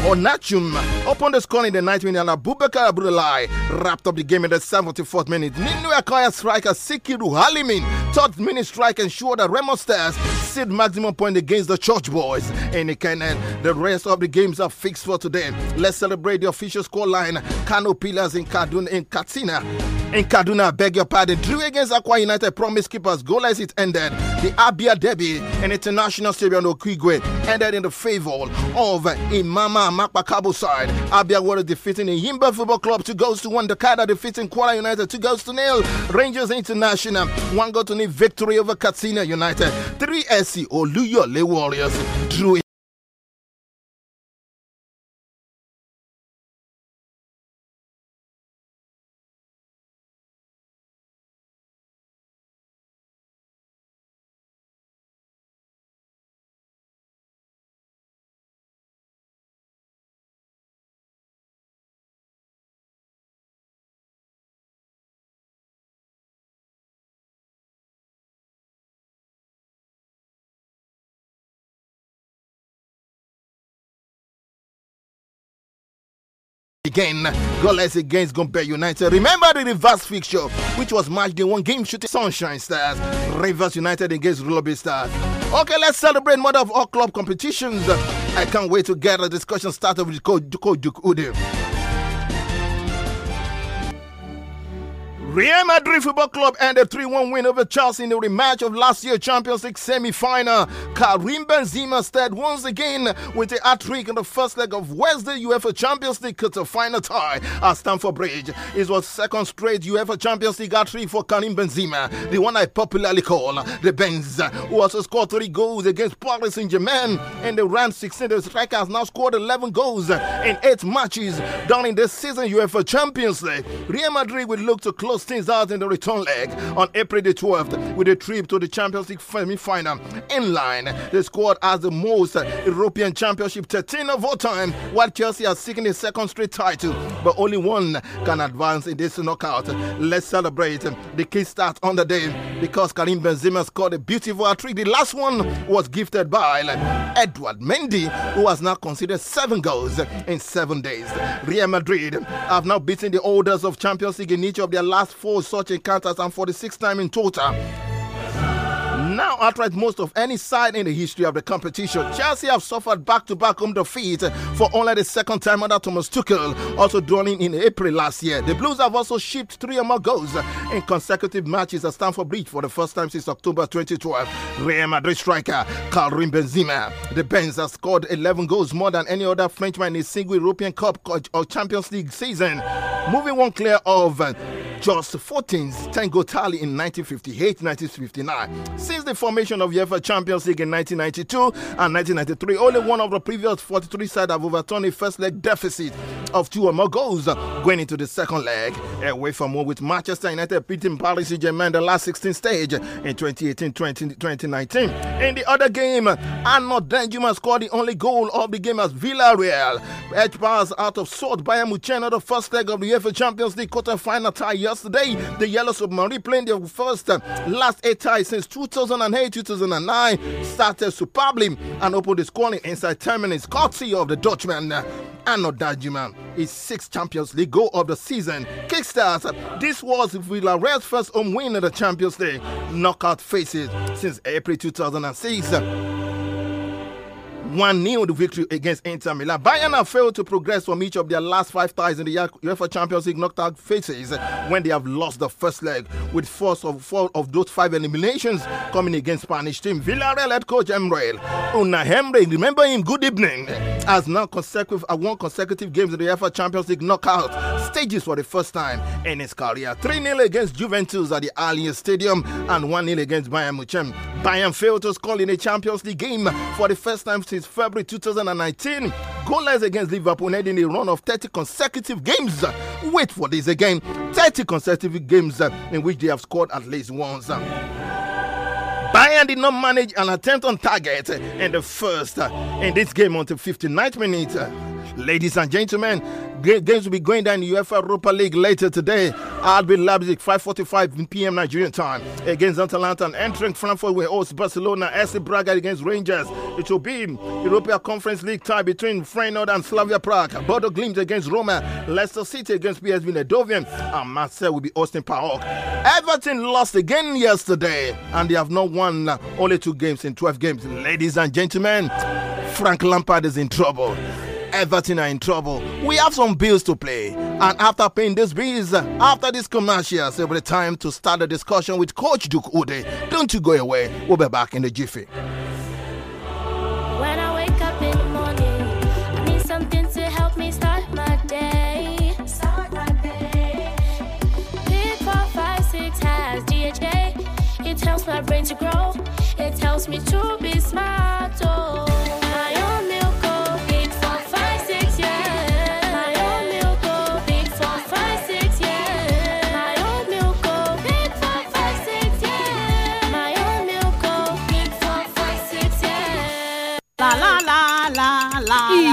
Onachum opened the score in the 9th minute and Abubakar Abdullahi wrapped up the game in the 74th minute. Ninu Akaya striker Sikiru Halimin Third minute strike ensured that Remo Stars sit maximum point against the Church Boys in the Canaan. The rest of the games are fixed for today. Let's celebrate the official scoreline: line. Kano Pillars in Kaduna in Katsina. In Kaduna, beg your pardon. Drew against Aqua United Promise Keepers. Goal as it ended. The Abia Derby and International Stadium Okigwe ended in the favor of Imama Makpakabu side. Abia Warriors defeating the Yimba Football Club two goals to one. Dakada defeating Kuala United two goals to nil. Rangers International one goal to victory over Katsina United. 3SC Oluyole Warriors drew again. Goalless against Gombe United. Remember the reverse fixture, which was match in one game shooting Sunshine Stars. Rivers United against Rulobi Stars. Okay, let's celebrate mother of all club competitions. I can't wait to get a discussion started with Coach Duke Ude. Real Madrid Football Club and a 3-1 win over Chelsea in the rematch of last year's Champions League semi-final. Karim Benzema starred once again with a hat-trick in the first leg of Wednesday UEFA Champions League to final tie at Stamford Bridge. It was second straight UEFA Champions League hat-trick for Karim Benzema, the one I popularly call the Benz, who also scored three goals against Paris Saint-Germain and the round 16. The striker has now scored 11 goals in eight matches during in this season UEFA Champions League. Real Madrid will look to close Liverpool out in the return leg on April the 12th with a trip to the Champions League semi-final. In line, the squad has the most European Championship 13 of all time, while Chelsea are seeking a second straight title, but only one can advance in this knockout. Let's celebrate the start on the day because Karim Benzema scored a beautiful hat-trick. The last one was gifted by Edward Mendy, who has now conceded seven goals in seven days. Real Madrid have now beaten the holders of Champions League in each of their last four such encounters and for the sixth time in total now outright most of any side in the history of the competition. Chelsea have suffered back-to-back home defeat for only the second time under Thomas Tuchel, also drawing in April last year. The Blues have also shipped three or more goals in consecutive matches at Stamford Bridge for the first time since October 2012. Real Madrid striker Karim Benzema, the Benz has scored 11 goals more than any other Frenchman in a single European Cup or Champions League season, moving one clear of just 14's 10 goal tally in 1958-1959. Since since the formation of UEFA Champions League in 1992 and 1993, only one of the previous 43 sides have overturned a first leg deficit of two or more goals going into the second leg. Away from home with Manchester United beating Paris Saint-Germain the last 16 stage in 2018-2019. In the other game, Arnold Danjuma scored the only goal of the game as Villarreal edge bars out of sort by Mucheno the first leg of the UEFA Champions League quarter-final tie yesterday. The Yellow Submarine playing their first uh, last eight ties since 2000 2008, 2009 started to problem and opened his calling inside 10 minutes courtesy of the Dutchman. Uh, Arnold Dajiman, his sixth Champions League goal of the season. kickstarts. this was Villarreal's first home win in the Champions League knockout faces since April 2006. 1 0 the victory against Inter Milan. Bayern have failed to progress from each of their last five ties in the UEFA Champions League knockout phases when they have lost the first leg, with four of, four of those five eliminations coming against Spanish team. Villarreal head coach Emreil Unahemre, remember him, good evening, has now consecutive, uh, won consecutive games in the UEFA Champions League knockout stages for the first time in his career. 3 0 against Juventus at the Allianz Stadium and 1 0 against Bayern Munich. Bayern failed to score in a Champions League game for the first time since February 2019. Goalless against Liverpool, ending a run of 30 consecutive games. Wait for this again 30 consecutive games in which they have scored at least once. Bayern did not manage an attempt on target in the first in this game until 59th minute. Ladies and gentlemen, games will be going down in UEFA Europa League later today. RB Leipzig, 5.45 p.m. Nigerian time against Atalanta and entering Frankfurt will host Barcelona, SC Braga against Rangers. It will be European Conference League tie between Feyenoord and Slavia Prague, Bordeaux Glimt against Roma, Leicester City against PSV Eindhoven, and Marseille will be hosting PAOK. Everton lost again yesterday and they have not won only two games in 12 games. Ladies and gentlemen, Frank Lampard is in trouble. Everton are in trouble. We have some bills to pay. And after paying these bills, after this commercials, it'll be time to start a discussion with Coach Duke Ude. Don't you go away. We'll be back in the jiffy. my brain to grow. It me to be smart. Oh.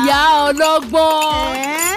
ìyá ọlọ́gbọ́n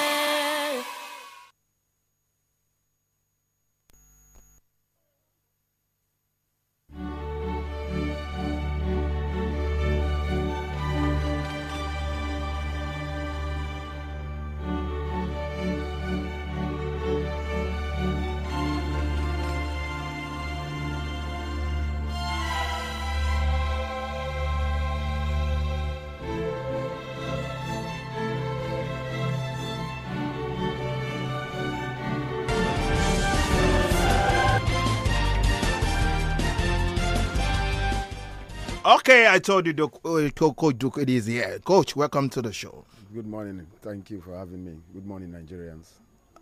I told you, the uh, Coach Duke, it is here. Coach, welcome to the show. Good morning. Thank you for having me. Good morning, Nigerians.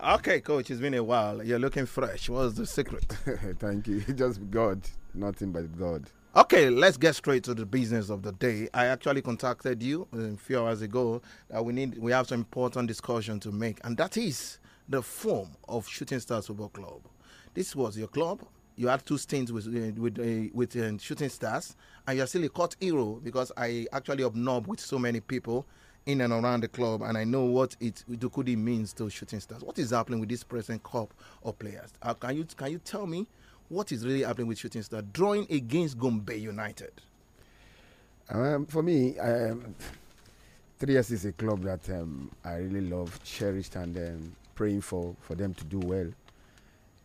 Okay, Coach, it's been a while. You're looking fresh. What's the secret? (laughs) Thank you. (laughs) Just God, nothing but God. Okay, let's get straight to the business of the day. I actually contacted you uh, a few hours ago that we need we have some important discussion to make, and that is the form of Shooting Stars Football Club. This was your club. You had two stints with uh, with uh, with uh, Shooting Stars, and you're still a court hero because I actually obnob with so many people in and around the club, and I know what it Dukudi means to shooting stars. What is happening with this present cup of players? Uh, can you can you tell me what is really happening with shooting stars drawing against Gombe United? Um, for me, um, three years is a club that um, I really love, cherished, and um, praying for for them to do well.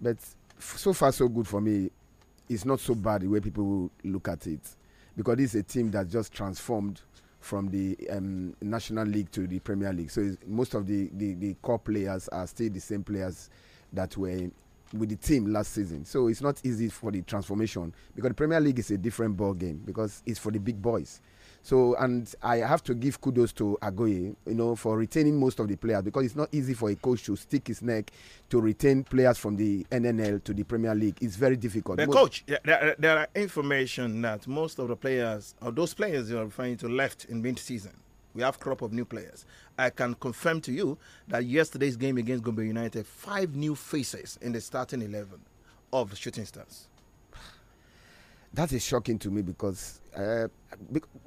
But so far, so good for me. It's not so bad the way people look at it because this is a team that just transformed from the um, National League to the Premier League. So most of the, the, the, core players are still the same players that were with the team last season. So it's not easy for the transformation because the Premier League is a different ball game because it's for the big boys. So, and I have to give kudos to Agoye, you know, for retaining most of the players because it's not easy for a coach to stick his neck to retain players from the NNL to the Premier League. It's very difficult. The coach, there, there, are information that most of the players, or those players you are referring to, left in mid-season. We have crop of new players. I can confirm to you that yesterday's game against Gombe United, five new faces in the starting eleven of the shooting stars that is shocking to me because uh,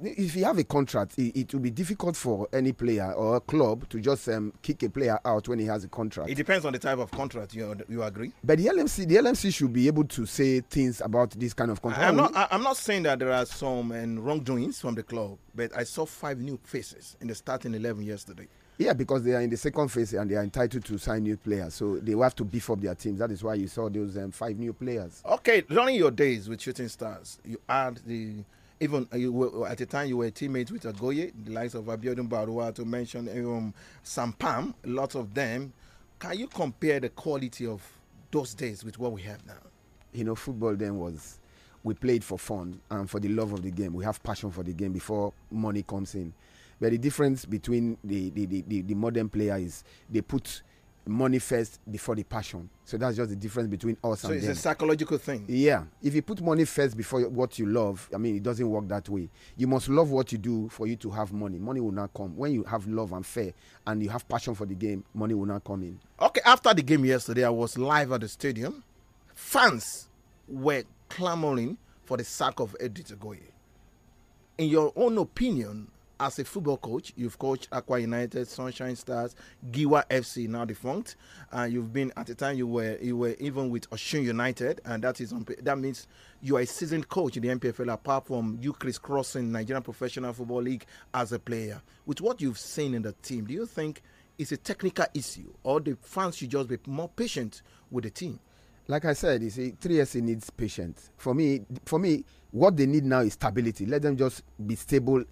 if you have a contract, it, it, will be difficult for any player or a club to just um, kick a player out when he has a contract. It depends on the type of contract. You you agree? But the LMC, the LMC should be able to say things about this kind of contract. I'm not. I'm not saying that there are some um, wrongdoings from the club, but I saw five new faces in the starting eleven yesterday. Yeah, because they are in the second phase and they are entitled to sign new players. So they will have to beef up their teams. That is why you saw those um, five new players. Okay, during your days with Shooting Stars, you had the. Even uh, you were, at the time you were teammates with Agoye, the likes of Abiodun Barua, to mention um, Sampam, lots of them. Can you compare the quality of those days with what we have now? You know, football then was we played for fun and for the love of the game. We have passion for the game before money comes in. But the difference between the, the, the, the, the modern player is they put money first before the passion. So that's just the difference between us so and them. So it's a psychological thing. Yeah. If you put money first before what you love, I mean, it doesn't work that way. You must love what you do for you to have money. Money will not come. When you have love and fair and you have passion for the game, money will not come in. Okay, after the game yesterday, I was live at the stadium. Fans were clamoring for the sack of Edith Goye. In your own opinion, as a football coach, you've coached Aqua United, Sunshine Stars, Giwa FC, now defunct. And uh, you've been at the time you were you were even with Oshun United, and that is that means you are a seasoned coach in the MPFL apart from you crisscrossing Nigerian Professional Football League as a player. With what you've seen in the team, do you think it's a technical issue, or the fans should just be more patient with the team? Like I said, you see, 3SC needs patience. For me, for me, what they need now is stability. Let them just be stable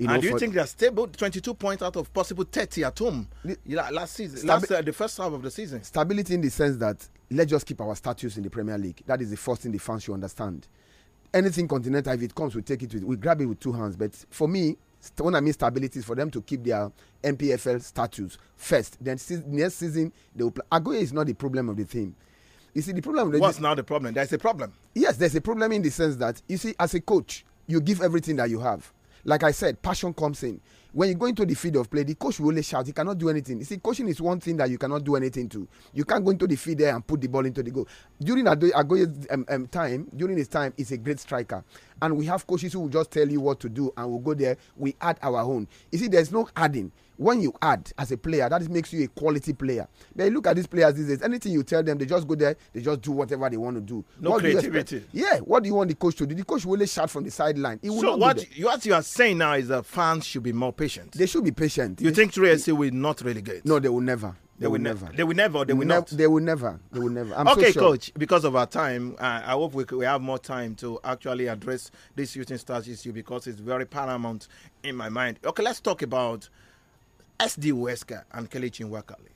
you know, and do you think they're stable? 22 points out of possible 30 at home last season, last, uh, the first half of the season. Stability in the sense that let's just keep our status in the Premier League. That is the first thing the fans should understand. Anything continental, if it comes, we take it with, we grab it with two hands. But for me, when I mean stability, is for them to keep their MPFL status first. Then se next season they will play. Agoye is not the problem of the team. You see, the problem. What's now the problem? There's a problem. Yes, there's a problem in the sense that you see, as a coach, you give everything that you have like I said, passion comes in. When you go into the field of play, the coach will only shout. He cannot do anything. You see, coaching is one thing that you cannot do anything to. You can't go into the field there and put the ball into the goal. During a um, um, time, during his time, he's a great striker. And we have coaches who will just tell you what to do and we'll go there. We add our own. You see, there's no adding when you add as a player, that makes you a quality player. But look at these players these days, anything you tell them, they just go there, they just do whatever they want to do. No what creativity. Do yeah, what do you want the coach to do? The coach will only shout from the sideline. So what you, what you are saying now is that fans should be more patient. They should be patient. You they think Real will not relegate? No, they will never. They, will, will never. They will never. They will ne- not. They will never. They will never. I'm okay, so sure. coach. Because of our time, uh, I hope we, we have more time to actually address this shooting stars issue because it's very paramount in my mind. Okay, let's talk about SD Wesker and Kelechi Wakali.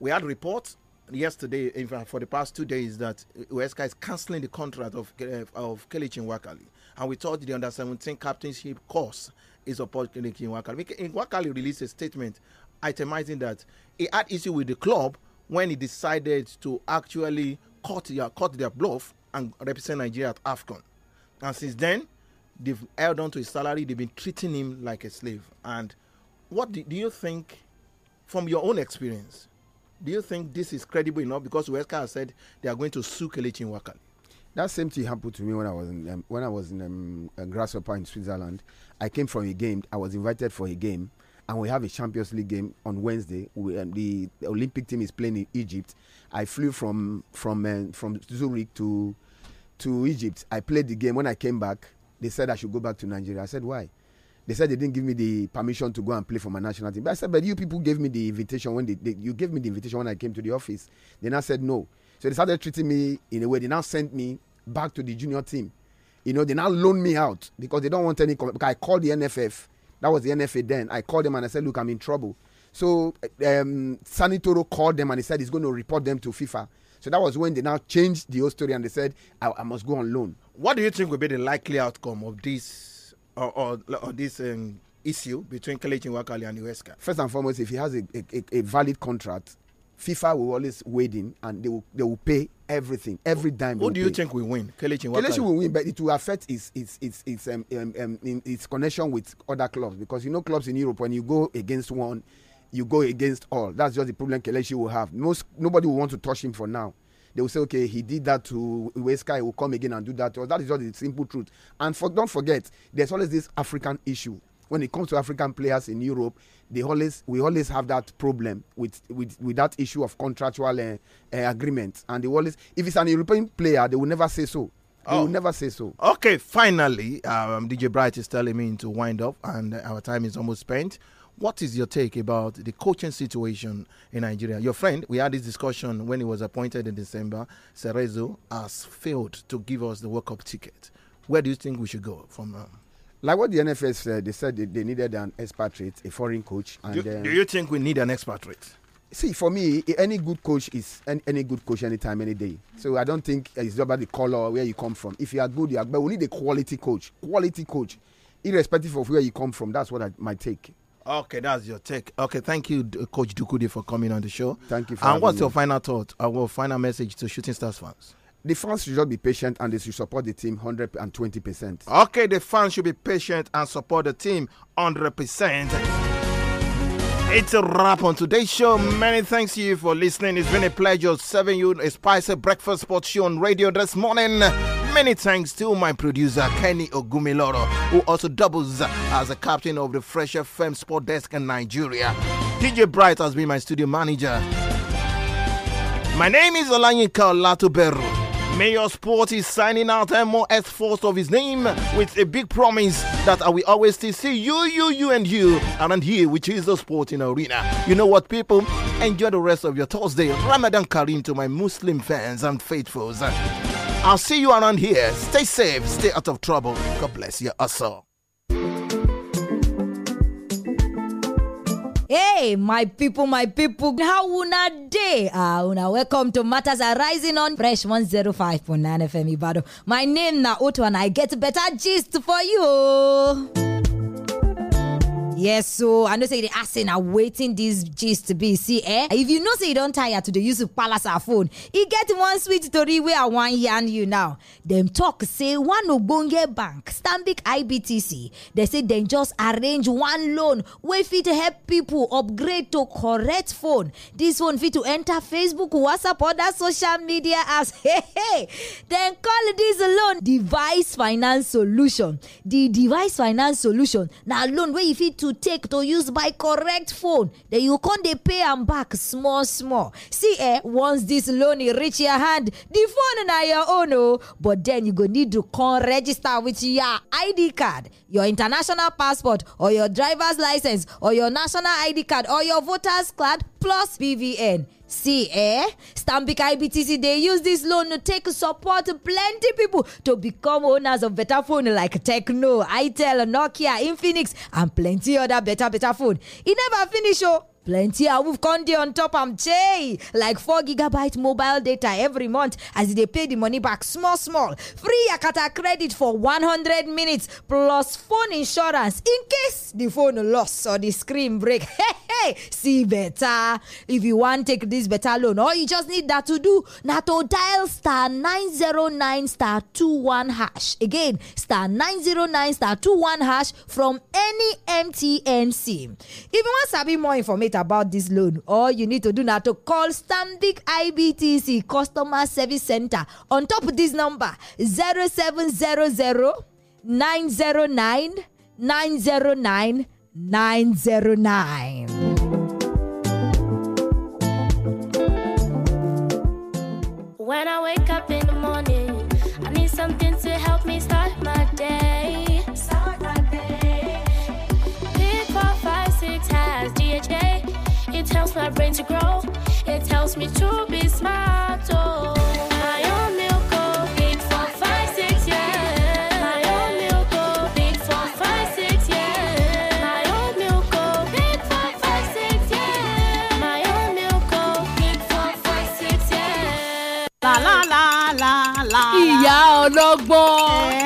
We had reports yesterday, in fact, for the past two days, that Wesker is cancelling the contract of, uh, of Kelechi Wakali. And we thought the under 17 captainship course is upon Kelechi Wakali. Wakali released a statement itemizing that he had issue with the club when he decided to actually cut their, cut their bluff and represent Nigeria at AFCON. And since then, they've held on to his salary, they've been treating him like a slave. And what do, do you think from your own experience? Do you think this is credible enough? Because Wesker has said they are going to sue Kelechi Wakali. That same thing happened to me when I was in um, when I was in um, Grasshopper in Switzerland. I came from a game. I was invited for a game, and we have a Champions League game on Wednesday. We, um, the Olympic team is playing in Egypt. I flew from from uh, from Zurich to to Egypt. I played the game. When I came back, they said I should go back to Nigeria. I said why? They said they didn't give me the permission to go and play for my national team. But I said, but you people gave me the invitation when they, they you gave me the invitation when I came to the office. They now said no. So they started treating me in a way. They now sent me back to the junior team. You know, they now loaned me out because they don't want any. Because I called the NFF. That was the NFA then. I called them and I said, look, I'm in trouble. So um, Sanitoro called them and he said he's going to report them to FIFA. So that was when they now changed the whole story and they said, I, I must go on loan. What do you think will be the likely outcome of this or, or, or this um, issue between Kelechi Wakali and Iweska. First and foremost, if he has a, a, a valid contract, FIFA will always wade in and they will they will pay everything every dime. Who do you pay. think will win? Kelechi, Kelechi will win, but it will affect its its its um, um, um, its connection with other clubs because you know clubs in Europe when you go against one, you go against all. That's just the problem Kelechi will have. Most nobody will want to touch him for now they will say, okay, he did that to Iweska, he will come again and do that. Or that is just the simple truth. And for, don't forget, there's always this African issue. When it comes to African players in Europe, they always we always have that problem with with, with that issue of contractual uh, uh, agreements. And they always, if it's an European player, they will never say so. They oh. will never say so. Okay, finally, um, DJ Bright is telling me to wind up, and our time is almost spent. What is your take about the coaching situation in Nigeria? Your friend, we had this discussion when he was appointed in December. Cerezo has failed to give us the World Cup ticket. Where do you think we should go from now? Like what the NFS said, they said they needed an expatriate, a foreign coach. And do, uh, do you think we need an expatriate? see for me any good coach is any, any, good coach anytime any day so i don't think it's about the color where you come from if you are good you are good. but we need a quality coach quality coach irrespective of where you come from that's what i might take Okay, that's your take. Okay, thank you, Coach Dukudi, for coming on the show. Thank you. and what's me. your final thought or uh, final message to Shooting Stars fans? The fans should just be patient and they should support the team 120%. Okay, the fans should be patient and support the team 100%. It's a wrap on today's show. Many thanks to you for listening. It's been a pleasure serving you a spicy breakfast sports show on radio this morning. Many thanks to my producer Kenny Ogumiloro, who also doubles as a captain of the Fresh FM Sport Desk in Nigeria. DJ Bright has been my studio manager. My name is Olanyika Latuberu. Mayor Sport is signing out eh? more as force of his name with a big promise that I will always see you, you, you, and you around here, which is the sporting arena. You know what, people? Enjoy the rest of your Thursday. Ramadan Kareem to my Muslim fans and faithfuls. I'll see you around here. Stay safe, stay out of trouble. God bless you all. Hey, my people, my people, how una day? Ah, una welcome to Matters Arising on Fresh 105.9 FM Ibado. My name na Otto and I get better gist for you. Yes, so I know say the asking, I'm waiting this gist to be. See, eh? If you know say you don't tire to the use of palace our phone, you get one sweet story where I want and you now. Them talk say one Obonge bank, Stanbic IBTC. They say they just arrange one loan where fit help people upgrade to correct phone. This one fit to enter Facebook, WhatsApp, other social media apps. (laughs) Hey, hey. Then call this loan device finance solution. The device finance solution. Now loan where you fit to to take to use by correct phone then you can they pay and back small small see eh once this loan reach your hand the phone na your own oh. but then you go need to con register with your id card your international passport or your drivers licence or your national id card or your voters card plus bvn See, eh? Stambikai IBTC, they use this loan to take support plenty people to become owners of better phone like Techno, Itel, Nokia, Infinix, and plenty other better, better phone. It never finish, oh plenty of con dey on top i am jay like 4 gigabyte mobile data every month as they pay the money back small small free akata credit for 100 minutes plus phone insurance in case the phone lost or the screen break (laughs) hey hey see better if you want take this better loan all you just need that to do na to dial star 909 star 21 hash again star 909 star 21 hash from any mtn sim if you to be more information about this loan, all you need to do now to call Stanbic IBTC Customer Service Center on top of this number 0700 909 909 909. When I wake up in the morning, I need something to help me start my day. my brain to grow. It helps me to be smart. Oh. ọlọ́gbọ́n.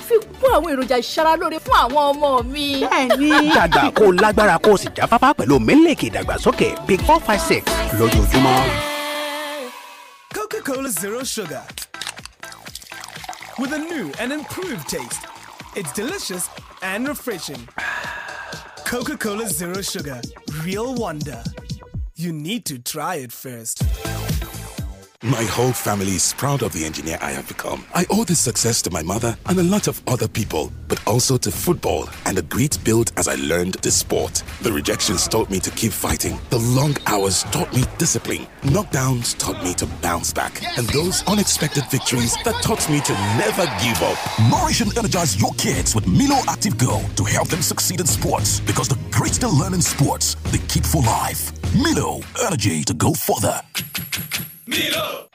fi kún àwọn èròjà ìṣaralóore fún àwọn ọmọ mi. bẹ́ẹ̀ni. dàgbà kó lágbára kó sì jáfáfá pẹ̀lú mílíkì ìdàgbàsókè big four five six lójoojúmọ́. coca-cola zero sugar with a new and improved taste it's delicious and refreshing. coca-cola zero sugar real wonder. You need to try it first. My whole family is proud of the engineer I have become. I owe this success to my mother and a lot of other people, but also to football and the great build as I learned the sport. The rejections taught me to keep fighting. The long hours taught me discipline. Knockdowns taught me to bounce back. And those unexpected victories that taught me to never give up. Nourish and energize your kids with Milo Active Girl to help them succeed in sports because the grit they learn in sports, they keep for life. Milo, energy to go further. Milo!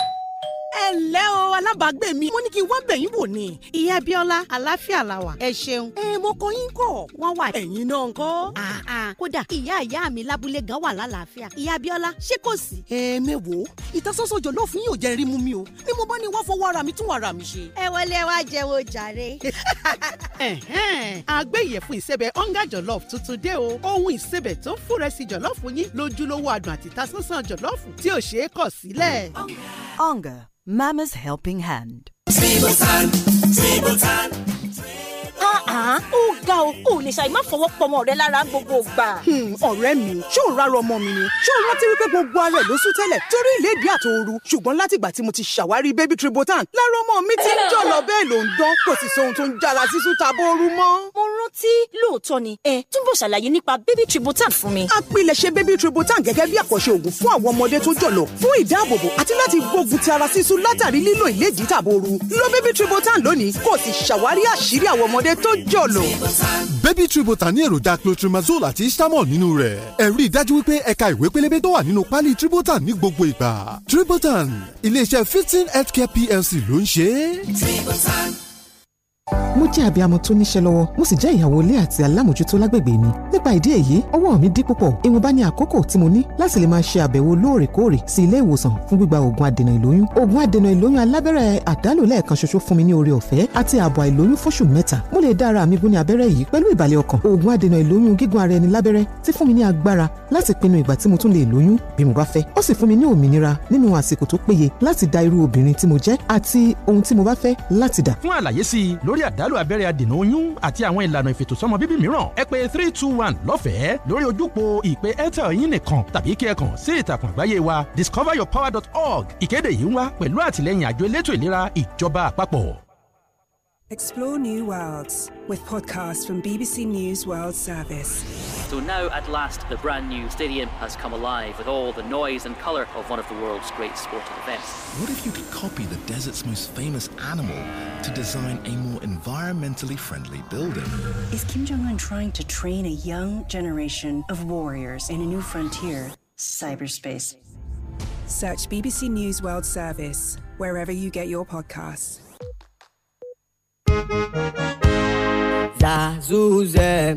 ẹ ǹlẹ́ o alábàágbé mi mo ní kí n wá bẹ̀yìn wò ni. ìyá Bíọ́lá àlàáfíà la wà. ẹ ṣeun. ẹ mo kọ yín kọ. wọ́n wà ẹ̀yin náà ńkọ́. kódà ìyá ìyá mi lábúlé gan wà lálàáfíà. ìyá Bíọ́lá ṣé kò sí. ẹ mẹ́wòó ìtasọ́sọ́ jọ lófin yóò jẹ́ rímú mi o ni mo bá ní wá fọwọ́ ara mi tún ara mi ṣe. ẹ wọlé wá jẹun jàre. àgbéyẹ̀fun (laughs) ìsẹ̀bẹ̀ ọ̀ngá jọ̀lọ́f tuntun dé o ohun ìsẹ̀bẹ̀ tó ń fúnrẹ́sì jọ̀lọ́fù yín lójúlówó adùn àti ìtasọ́sọ́ jọ̀lọ́fù tí ò ṣeé kọ̀ sílẹ̀. ọ̀ngá Mama's Helping Hand. Àá ó ga o kò lè ṣàì má fọwọ́ pọmọ rẹ lára gbogbo gbà. Hmm, ọ̀rẹ́ mi ṣé ò rárọ ọmọ mi ni ṣé o rántí wípé gbogbo ara ẹ̀ ló sún tẹ́lẹ̀ torí ìlédìí àtòoru ṣùgbọ́n látìgbà tí mo ti ṣàwárí baby tributan lára ọmọ mi ti ń jọ̀lọ̀ bẹ́ẹ̀ ló ń dán kò sì sóhun tó ń jára sísú tabóoru mọ́. Mo rántí lóòótọ́ ni ẹ túbọ̀ ṣàlàyé nípa baby tributan fún mi. Apilẹ̀ṣẹ̀ baby tributan gẹ́gẹ́ bí àkọ́ṣe òògùn fún àwọn ọmọdé tó jọ̀lọ̀ fún ìdáàbòbò àti láti gbógun ti ara sísú látàrí lílo ìlédìí tàbóoru. Lo baby tributan lónìí kò sì ṣàwárí àṣírí àwọn ọmọdé tó jòlò. baby tribota ní èròjà clotrimazole àti istamol nínú rẹ̀ ẹ rí i dájú wípé ẹ̀ka ìwé pélébé tó wà nínú pálí tribota ní gbogbo ìgbà tribotan iléeṣẹ́ fifteen healthcare plc ló ń ṣe é. tribotan mo jẹ́ abiyamọ tó níṣẹ́ lọ́wọ́ mo sì jẹ́ ìyàwó ilé àti alámòjútó lágbègbè mi nípa ìdí èyí ọwọ́ mi dí púpọ̀ ìwọ̀nba ni àkókò tí mo ní láti lè máa ṣe àbẹ̀wò lóòrèkóòrè sí ilé ìwòsàn fún gbígba oògùn adènà ìlóyún oògùn adènà ìlóyún alábẹ́rẹ́ àdálò lẹ́ẹ̀kan ṣoṣo fún mi ní oore ọ̀fẹ́ àti ààbò àìlóyún fóṣù mẹ́ta mo lè dá ara mi gún ní abẹ́rẹ́ yìí pẹ̀lú ìbàlẹ̀ ọkàn oògùn adènà ìlóyún gígùn ara ẹni lábẹ́rẹ́ ti fún mi ní agbára láti pinnu ìgbà tí mo tún lè lóyún bí mo bá fẹ́ ó sì fún mi ní òmìnira nínú àsìkò tó péye láti dá irú obìnrin tí mo jẹ́ àti ohun tí mo lórí àdálù abẹ́rẹ́ adènà oyún àti àwọn ìlànà ìfètòsọ́mọ bíbí mìíràn ẹ pè three two one lọ́fẹ̀ẹ́ lórí ojúpo ìpè airtel yín nìkan tàbí kí ẹ kàn sí ìtàkùn àgbáyé wa discoveryourpower.org ìkéde yìí ń wá pẹ̀lú àtìlẹ́yìn àjọ elétò ìlera ìjọba àpapọ̀. Explore new worlds with podcasts from BBC News World Service. So now, at last, the brand new stadium has come alive with all the noise and colour of one of the world's great sporting events. What if you could copy the desert's most famous animal to design a more environmentally friendly building? Is Kim Jong un trying to train a young generation of warriors in a new frontier, cyberspace? Search BBC News World Service wherever you get your podcasts. Zazuzem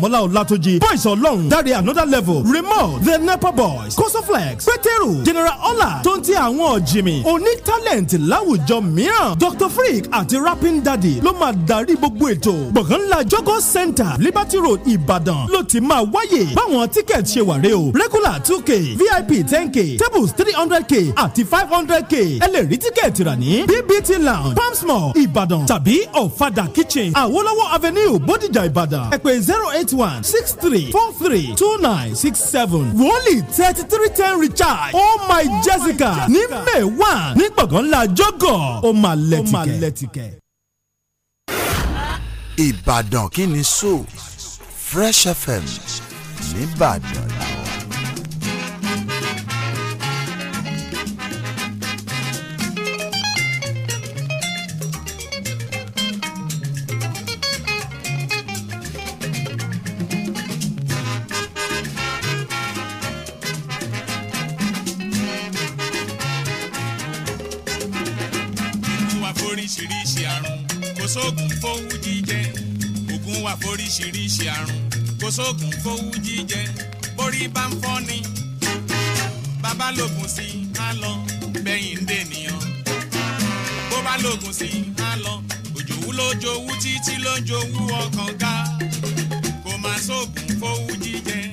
Dàmọ́lá Ọlátúnjí Boys Ọlọ́run Dáre Another Level Remote The Nepa Boys Kosoflex Pétérù General Ọlá tó ń ti àwọn ọ̀jìmì oní tálẹ̀ǹtì láwùjọ mìíràn Dr Freak àti Rapping Daddy ló máa darí gbogbo ètò gbọ̀ngàn ńlá Jogo Center Liberty Road Ìbàdàn ló ti máa wáyè báwọn tíkẹ́ẹ̀tì ṣe wà rè o regular two k VIP ten k tables three hundred k àti five hundred k ẹ lè rí tíkẹ́ẹ̀tì rà ní BBT Lounge Palms Mall Ìbàdàn tàbí Ọ̀fadà Kitchen Àwọlọ́wọ́ Avenue Bódìjà Ìbàdàn ẹ pè zero eight eight one six three four three two nine six seven wọ́ọ̀lì thirty three ten recharge oh my jessica oh ní may one ní gbọ̀ngàn ńlá jọ́gọ̀ ó máa lẹ́tìkẹ́. ìbàdàn kí ni so fresh fm nìbàdàn làwọn. lóríṣiríṣi àrùn kò sóògùn kówú jíjẹ borí bá ń fọ́ ni bàbá lògùn sí á lọ bẹ́yìn ń dènìyàn bó bá lògùn sí á lọ òjòwú ló títí ló ọkàn ká kò má sóògùn kówú jíjẹ.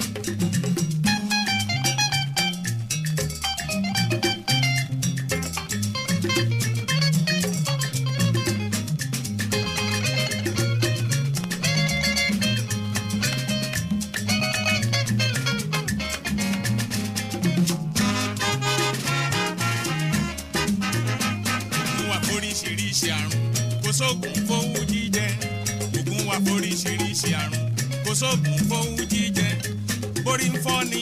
fọ́ ni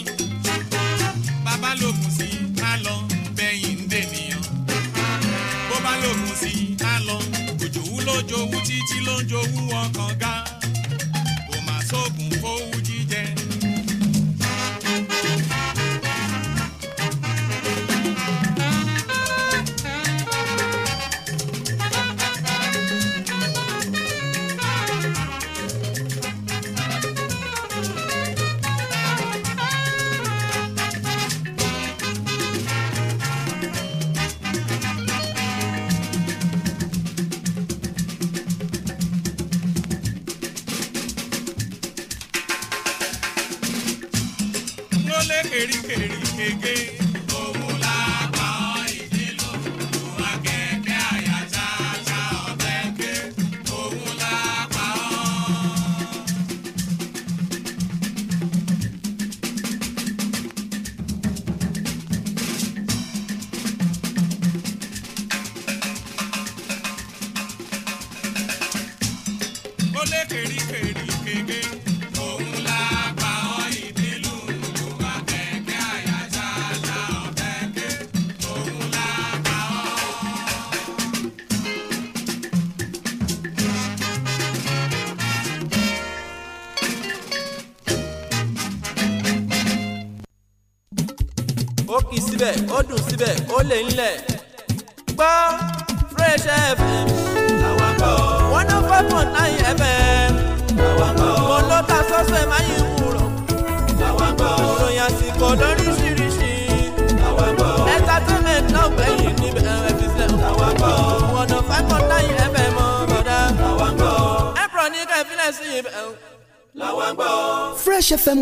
bàbá lògùn sí á lọ bẹ́yìn ń dènìyàn bó bá lògùn sí á lọ òjòwú lójòwú títí lójòwú ọkàn ga kò má sóògùn fowú jí.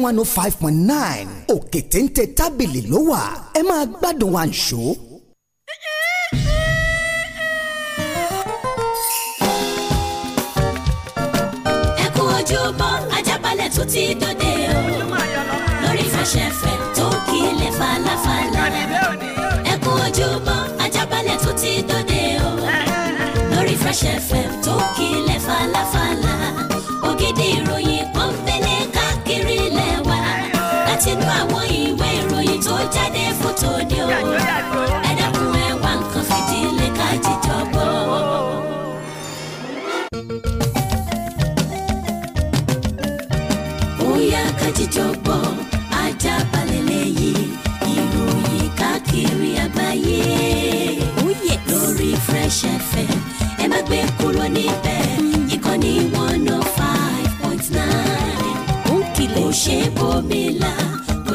one oh five point nine òkè téńté tábìlì ló wà ẹ máa gbádùn àǹṣó.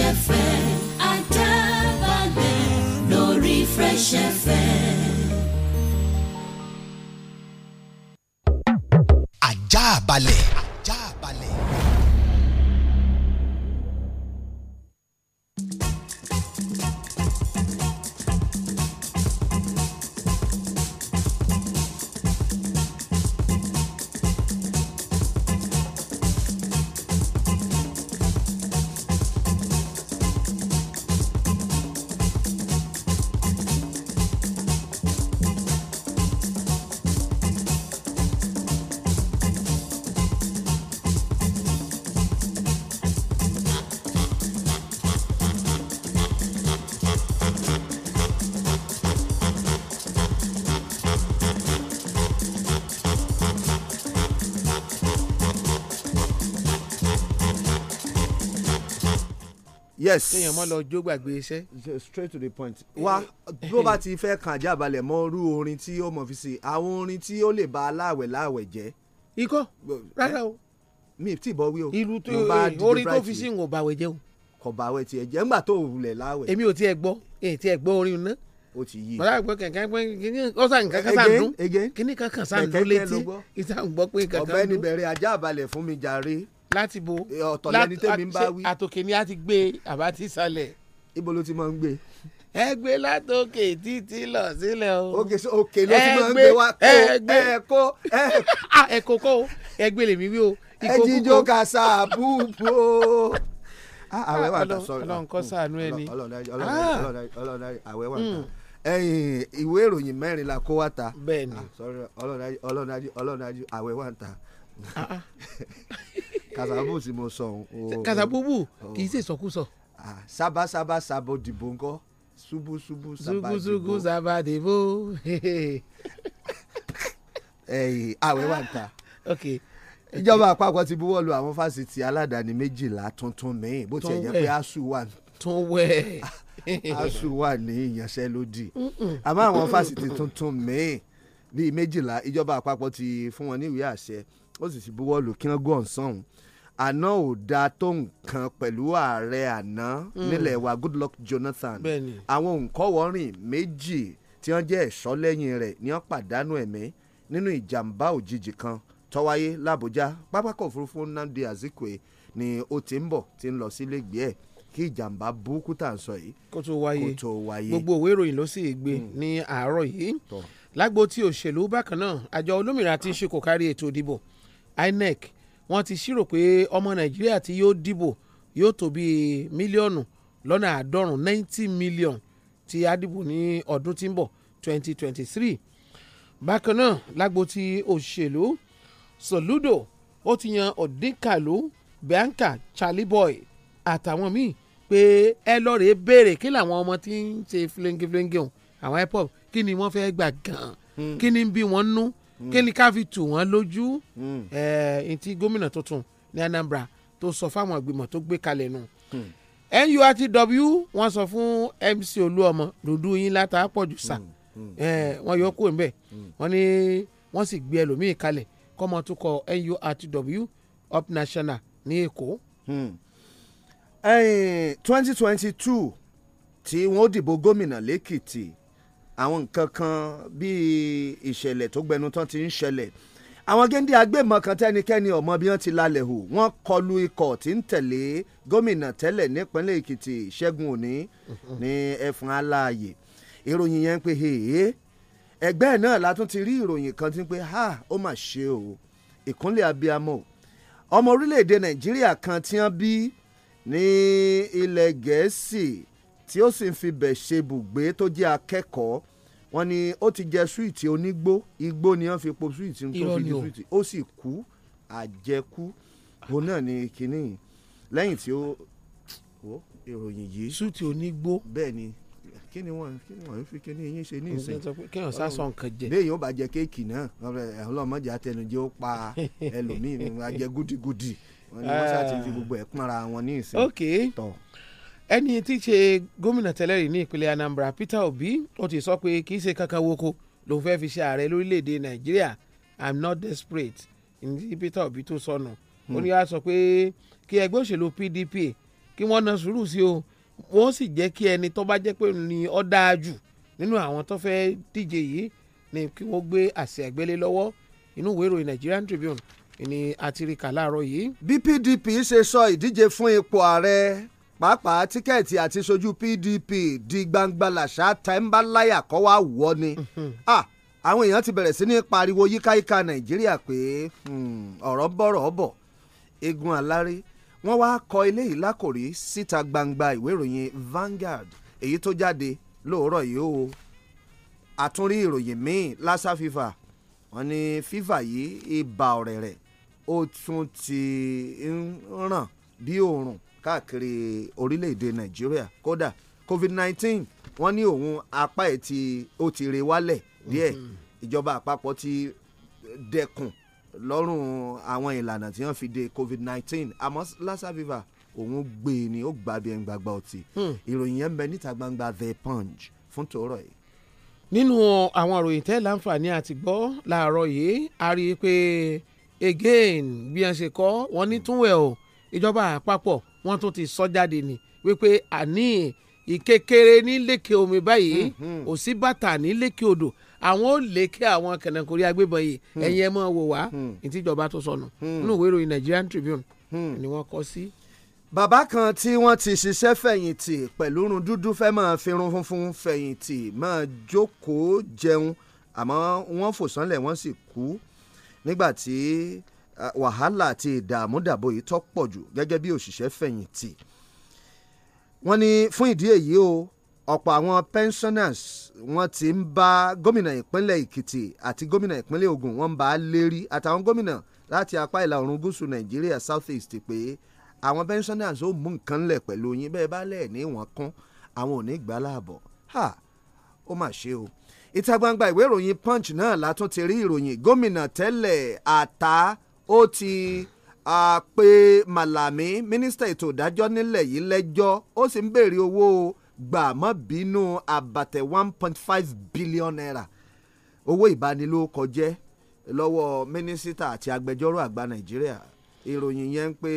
Aja bale, lórí àjà balẹ̀. yes. kéèyàn mọ́ lọ jó gbàgbé iṣẹ́. straight to the point. Eh. wá bó bá ti fẹ́ kàn jábalẹ̀ mọ́ orú orin tí ó mọ̀ fi ṣe àwọn orin tí ó lè ba aláwẹ̀ láwẹ̀ jẹ́. ikọ́ rárá eh, o. mi ti bọ̀ wí o. ìlú tó eh, orin tó fi sí ìwọ̀n bàwẹ̀ o. kò bàwẹ̀ tiẹ̀ ńgbà tó wulẹ̀ láwẹ̀. èmi ò tiẹ̀ gbọ́ èyí tiẹ̀ gbọ́ orin náà. o ti yí. bàbá àgbẹ̀ kẹ̀kẹ́ pé ọ̀sán nǹkan kan sàn dún kíní kankan sàn dún létí ìsàn gbọ́ pé kankan dún. ọ̀bẹ ni bẹ̀rẹ̀ ajá àbalẹ̀ fún láti bo ọ̀tọ̀ lẹni tẹ́mi ń bá wí. àtòkè ni a ti gbé àbá ti sálẹ̀. ibo ló ti máa ń gbé. ẹ gbé látòkè títí lọ sílẹ̀ o. òkè òkè ló ti máa ń gbé wa kó ẹ kó ẹ. ẹ kó kó ẹ gbé lèmi wí o. ẹ jíjó ka ṣàbù bò àwẹ̀ wà tà sọ̀rọ̀ ọlọ́run kọ́ sànú ẹ ni ọlọ́run àwẹ̀ wà tà ẹ̀yìn ìwé ìròyìn mẹ́rin la kó wá ta bẹ́ẹ̀ ni ọlọ́run àwẹ̀ wà tà kàsàbù tí mo sọ òun. kàsàbùbù kì í ṣe ìsọkúsọ. sábà sábà sábò dìbò ńkọ́ ṣubú ṣubú sábà dìbò. ṣubú ṣubú sábà dìbò. (laughs) àwẹ̀ wà ń ta. okay ìjọba àpapọ̀ ti buwọ́ lu àwọn fásitì aládàáni méjìlá tuntun míì bó tiẹ̀ jẹ́ pé asu wà tún wẹ̀ (laughs) asu wà ní ìyanṣẹ́lódì àmọ́ àwọn fásitì tuntun míì bíi méjìlá ìjọba àpapọ̀ ti fún wọn ní ìwé àṣẹ ó sì ti buwọ́ lu kí wọ́n gún ọ̀sán àná ò dáa tó nǹkan pẹ̀lú ààrẹ àná hmm. nílẹ̀ wa Goodluck Jonathan àwọn òǹkọ́wọ́rìn méjì tí wọ́n jẹ́ ẹ̀ṣọ́ lẹ́yìn rẹ̀ ni wọ́n pàdánù ẹ̀mí nínú ìjàmbá òjijì kan tó làbújá pápákọ̀ òfurufú Nnamdi Azikiwe ni ó ti ń bọ̀ tí ń lọ sílé gbé ẹ̀ kí ìjàmbá burúkú tà ń sọ yìí kó tó wáyé kó tó wáyé gbogbo òwe ìròyìn ló sì gbé hmm. ní àárọ̀ yìí lágbo tí òṣèlú bákan náà àjọ olómìnira ti ń ṣe kárí ètò ìdìbò INEC wọ́n ti ṣírò pé ọmọ nàìjíríà tí yóò dìbò yóò tó bíi mílíọ̀nù lọ́nà àádọ́rùn-ún ninety million tí a dìbò ní ọdún tí ń bọ̀ twenty twenty three bákan náà lágbo ti òṣèlú Soludo ó ti yan Odinkalu Bianca Charlie Boy àtàwọn míì pé ẹ lọ́ọ́ rèé béèrè kí làwọn ọmọ tí ń ṣe flengi flengi ọ̀hún àwọn IPOB kí ni wọ́n fẹ́ gbà gan-an hmm. kí ni bí wọ́n nú kí ni ká fi tù wọ́n lójú mm. ẹ̀ ntí gómìnà tuntun ní Anambra tó sọ fáwọn ìgbìmọ̀ tó gbé kalẹ̀ nù. Hmm. NURTW wọ́n sọ fún MC Olúọmọ dúdú yín látà pọ̀jù sà hmm. Hmm. wọ́n yọ kó nbẹ̀ wọ́n ní wọ́n sì gbé ẹlòmíì kalẹ̀ kọ́mọ tó kọ NURTW up national ní Èkó. twenty twenty two tí wọ́n dìbò gómìnà lẹ́kìtì àwọn nǹkan kan bíi ìṣẹ̀lẹ̀ tó gbẹnu tán ti ń ṣẹlẹ̀ àwọn géńdé agbébọn kan tẹ́nikẹ́ni ọ̀mọ bí wọ́n ti lálẹ́ hù wọ́n kọlu ikọ̀ tí ń tẹ̀lé gómìnà tẹ́lẹ̀ nípínlẹ̀ èkìtì ṣẹ́gun òní ní ẹ̀fọn aláàyè ìròyìn yẹn ń pè é ẹgbẹ́ náà látún ti rí ìròyìn kan tí ń pè ha ó mà ṣe o ìkúnlẹ̀ abiyamọ ọmọ orílẹ̀-èdè nàìjíríà kan tí wọ́n bí ní ilẹ̀ gẹ̀ẹ́sì tí ó sì ń fi bẹ̀ ṣe bùgbé tó jẹ́ akẹ́kọ̀ọ́ wọ́n ní ó ti jẹ súwìtì onígbó igbó ni wọ́n fi po súwìtì tó fi jẹ súwìtì ó sì kú àjẹkú òun náà ni kínní lẹ́yìn tí ó wò ìròyìn yìí. súwìtì onígbó. bẹ́ẹ̀ ni kí ni wọn kí ni wọn fi kí ni yín ṣe ní ìsìn. kéèyàn sásọ nǹkan jẹ. béèyàn ó bá jẹ kéèkì náà ọlọmọdé àtẹnujẹ ó pa (laughs) ẹlòmíín á jẹ gúdígúdí wọn ni wọn ah. ṣáà ti fi gbogbo ẹ̀ pọnra wọn ní ìsìn. tọ ẹni tí í ṣe gómìnà tẹ́lẹ̀ rí ní ìpínlẹ̀ Anambra Peter Obi ó ti sọ pé kì í ṣe kankan woko lòun fẹ́ fi ṣe ààrẹ lórílẹ̀‐èdè Nàìjíríà I'm not desperate ní Peter Obi tó sọnù ó ní wàá hmm. sọ pé kí ẹgbẹ́ òṣèlú PDP kí wọ́n na sùúrù sí o wọ́n sì jẹ́ kí ẹni tó bá jẹ́ pé ní ó dáa jù nínú àwọn tó fẹ́ díje yìí ni kí wọ́n gbé àṣẹ àgbélé lọ́wọ́ inú ìwé ìròyìn Nigerian Tribune ni àtiríkà láàárọ̀ yìí. bí PDP ṣe sọ ìdíje fún ipò ààrẹ pàápàá tíkẹ́ẹ̀tì àti sojú PDP di gbangba làṣà tẹ́ńbáláyà kọ́ wá wọ́ ni àwọn èèyàn ti bẹ̀rẹ̀ sí ní pariwo yíkáyíká Nàìjíríà pé hmm, ọ̀rọ̀ bọ̀rọ̀ bọ̀ egun aláré wọ́n wá kọ eléyìí lákòrí síta gbangba ìwé ìròyìn Vanguard èyí tó jáde lóòrọ̀ yìí o àtúnrí ìròyìn míì lassa fífà wọ́n ní fífà yìí ibà ọ̀rẹ̀rẹ̀ ó tún ti ń ràn bí oòrùn káàkiri orílẹ̀-èdè nàìjíríà kódà covid-19 wọ́n ní òun apá ẹ̀ tí ó ti re wálẹ̀ díẹ̀ mm-hmm. ìjọba àpapọ̀ ti dẹkùn lọ́rùn àwọn ìlànà tí wọ́n fi de covid-19 àmọ́ lassa viva òun gbé e ni ó gbàbí ẹ̀ ń gbàgbà ọtí hmm. ìròyìn yẹn ń bẹ níta gbangba the punch fún tòórọ̀ yìí nínú àwọn ìròyìn tẹ́ láǹfààní àti gbọ́ làárọ̀ yìí a rí i pé again bí wọ́n ṣe kọ́ wọ́n ní túnwẹ̀ o ìjọba àpapọ̀ wọ́n tún ti sọ jáde ni wípé àní ìkékeré ní lékè omi báyìí mhm. ò sí bàtà ní lékè odò àwọn ò lékè àwọn kẹ̀nẹ̀kùnrin agbébọn yìí hmm. ẹ̀yin ẹ̀ mọ́ wò wá ìtìjọba hmm. tó sọnù hmm. nínú ìwé ìròyìn Nigerian Tribune ni wọ́n kọ sí. bàbá kan tí wọ́n ti ṣiṣẹ́ fẹ̀yìntì pẹ̀lú irun dúdú fẹ́ máa fi irun funfun fẹ̀yìntì máa jókòó jẹun àmọ́ wọ́n fò wọ́n sì kú nígbà tí wàhálà àti ìdààmú dàbò yìí tó pọ̀ jù gẹ́gẹ́ bí òṣìṣẹ́ fẹ̀yìntì wọ́n ní fún ìdí èyí o ọ̀pọ̀ àwọn pensioners wọ́n ti ń bá gómìnà ìpínlẹ̀ èkìtì àti gómìnà ìpínlẹ̀ ògùn wọ́n ń bá a lérí àtàwọn gómìnà láti apá ìlà oòrùn gúúsù nàìjíríà south east pé àwọn pensioners ó mú nǹkan lẹ̀ pẹ̀lú yín bẹ́ẹ̀ bá lẹ̀ ní wọ́n kún àwọn ò ní gbà láàbọ̀ ha ó mà ṣe o ìta gbangba ìwé ìròyìn punch náà látún ti rí ìròyìn gómìnà tẹ́lẹ̀ àtà ó ti pe Malami mínísítà ètò ìdájọ́ nílẹ̀ yìí lẹ́jọ́ ó sì ń béèrè owó gbà bínú àbàtẹ̀ one point five billion naira owó ìbanilórúkọjẹ́ lọ́wọ́ mínísítà àti agbẹjọ́rò àgbà Nàìjíríà ìròyìn yẹn ń pè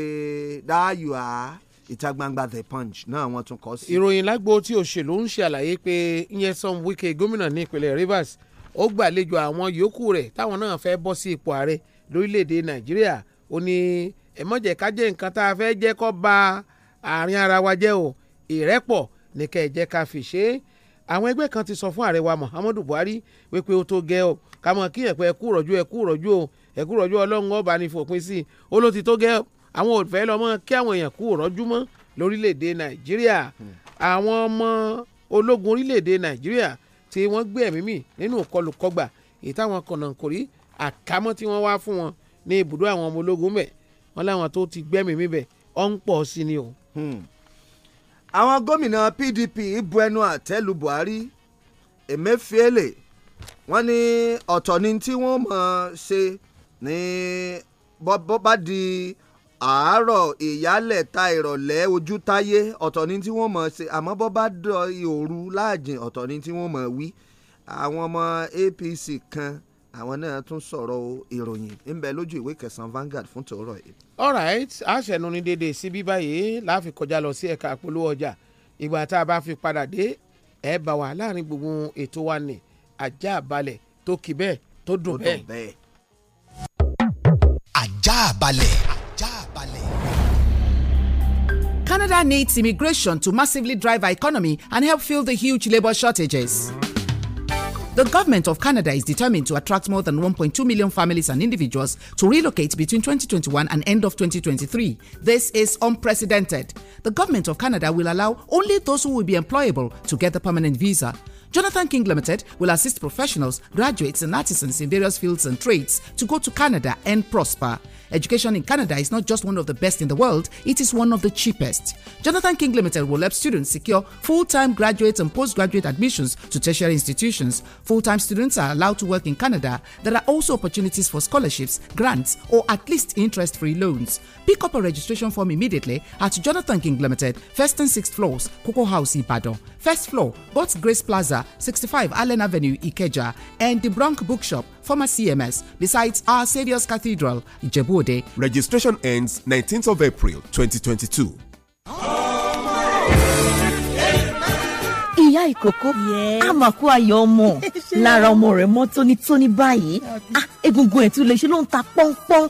dáyọ̀ á ìta gbangba the punch náà wọ́n tún kọ sí. ìròyìn lágbo tí òṣèlú ń ṣàlàyé pé Nyesom Wike gómìnà ní ìpínlẹ̀ Rivers ó gbàlejò àwọn yòókù rẹ̀ táwọn náà fẹ́ bọ́ sí ipò ààrẹ lórílẹ̀‐èdè nàìjíríà ó ní ẹ má jẹ́ ká jẹ́ nǹkan tá a fẹ́ jẹ́ kó ba àárín ara wa jẹ́ o ìrẹ́pọ̀ ní kẹ́ ẹ jẹ́ ká fi ṣe é àwọn ẹgbẹ́ kan ti sọ fún ààrẹ wa muhammadu buhari wípé ó tó gẹ́ ọ kámọ́ kí ẹ̀pẹ́ ẹ̀kú rọ̀jú ẹ̀kú rọ̀jú o ẹ̀kú rọ̀jú ọlọ́run ọba ní fòpin sí i ó ló ti tó gẹ́ àwọn òfẹ́ lọ́mọ kí àwọn èèyàn kú rọ̀jú mọ́ lórílẹ̀‐èdè nàìjíríà àwọn ọmọ ológun orílẹ̀‐èdè nàìjíríà tí wọ́n gbé ẹ̀mí mì nínú ìkọlùkọgbà èyí táwọn kọ̀nà kòrí àkámọ́ tí wọ́n wá fún wọn ní ibùdó àwọn ọmọ ológun mẹ́ wọ́n láwọn tó ti gbẹ́mìí bẹ̀ ọ́ ń pọ̀ sí ni o. Hmm. àwọn gómìnà PDP bu ẹnu àtẹ́ lu Buhari Emefiele wọ́n ní ọ̀tọ̀ ni tí wọ́n mọ̀ ṣe ní bó bá di àárọ̀ ìyálẹ̀ ta ìrọ̀lẹ́ ojú táyé ọ̀tọ̀ ni tí wọ́n mọ̀ ṣe àmọ́ bó bá dọ̀ ìhòòrú láàjìn ọ̀tọ̀ ni tí wọ́n mọ̀ wí àwọn ọmọ APC kan àwọn náà tún sọ̀rọ̀ ìròyìn ń bẹ lójú ìwé kẹsàn-án Vanguard fún tòórọ̀ yìí. all right àṣẹnu ni dédé sí bí báyìí láàfi kọjá lọ sí ẹ̀ka àpolówó ọjà ìgbà tá a bá fi padà dé ẹ bá wà láàrin gbogbo ètò wa ní ajá balẹ̀ tó kì bẹ́ẹ̀ tó dùn bẹ́ẹ̀. ajá balẹ̀. ajá balẹ̀. Canada needs immigration to massively drive our economy and help fill the huge labour shortages. Mm -hmm. The government of Canada is determined to attract more than 1.2 million families and individuals to relocate between 2021 and end of 2023. This is unprecedented. The government of Canada will allow only those who will be employable to get a permanent visa. Jonathan King Limited will assist professionals, graduates, and artisans in various fields and trades to go to Canada and prosper. Education in Canada is not just one of the best in the world, it is one of the cheapest. Jonathan King Limited will help students secure full time graduate and postgraduate admissions to tertiary institutions. Full time students are allowed to work in Canada. There are also opportunities for scholarships, grants, or at least interest free loans. Pick up a registration form immediately at Jonathan King Limited, first and sixth floors, Coco House, Ibadan. First floor, Bots Grace Plaza, 65 Allen Avenue, Ikeja, and the Bronx Bookshop, former CMS, besides Our Saviour's Cathedral, Ijebuode. Registration ends 19th of April 2022. ìyá ìkókó àmàkù ayọ̀ ọmọ (laughs) lára ọmọ rẹ̀ mọ́ tónítóní báyìí ah, egungun ẹ̀ tún lè ṣe ló ń ta pọ́npọ́n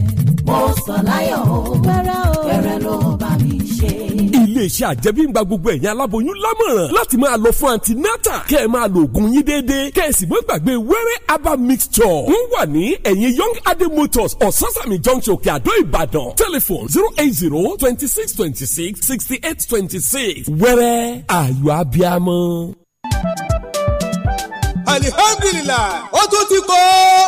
mo sọ láyọ̀ o fẹ́rẹ̀ ló bá mi ṣe. iléeṣẹ́ àjẹmíngba gbogbo ẹ̀yin aláboyún lámọ̀ràn láti máa lọ fún antinata kẹ́ ẹ̀ máa lo oògùn yín déédéé kẹ́ ẹ̀ sì mọ́ gbàgbé wẹ́rẹ́ herbal mixture ń wà ní ẹ̀yìn young adé motors ososani junction òkè àdó ìbàdàn telephone zero eight zero twenty six twenty six sixty eight twenty six wẹ́rẹ́ ayọ̀ abiamọ alihamdulilayi ó tún ti kọ́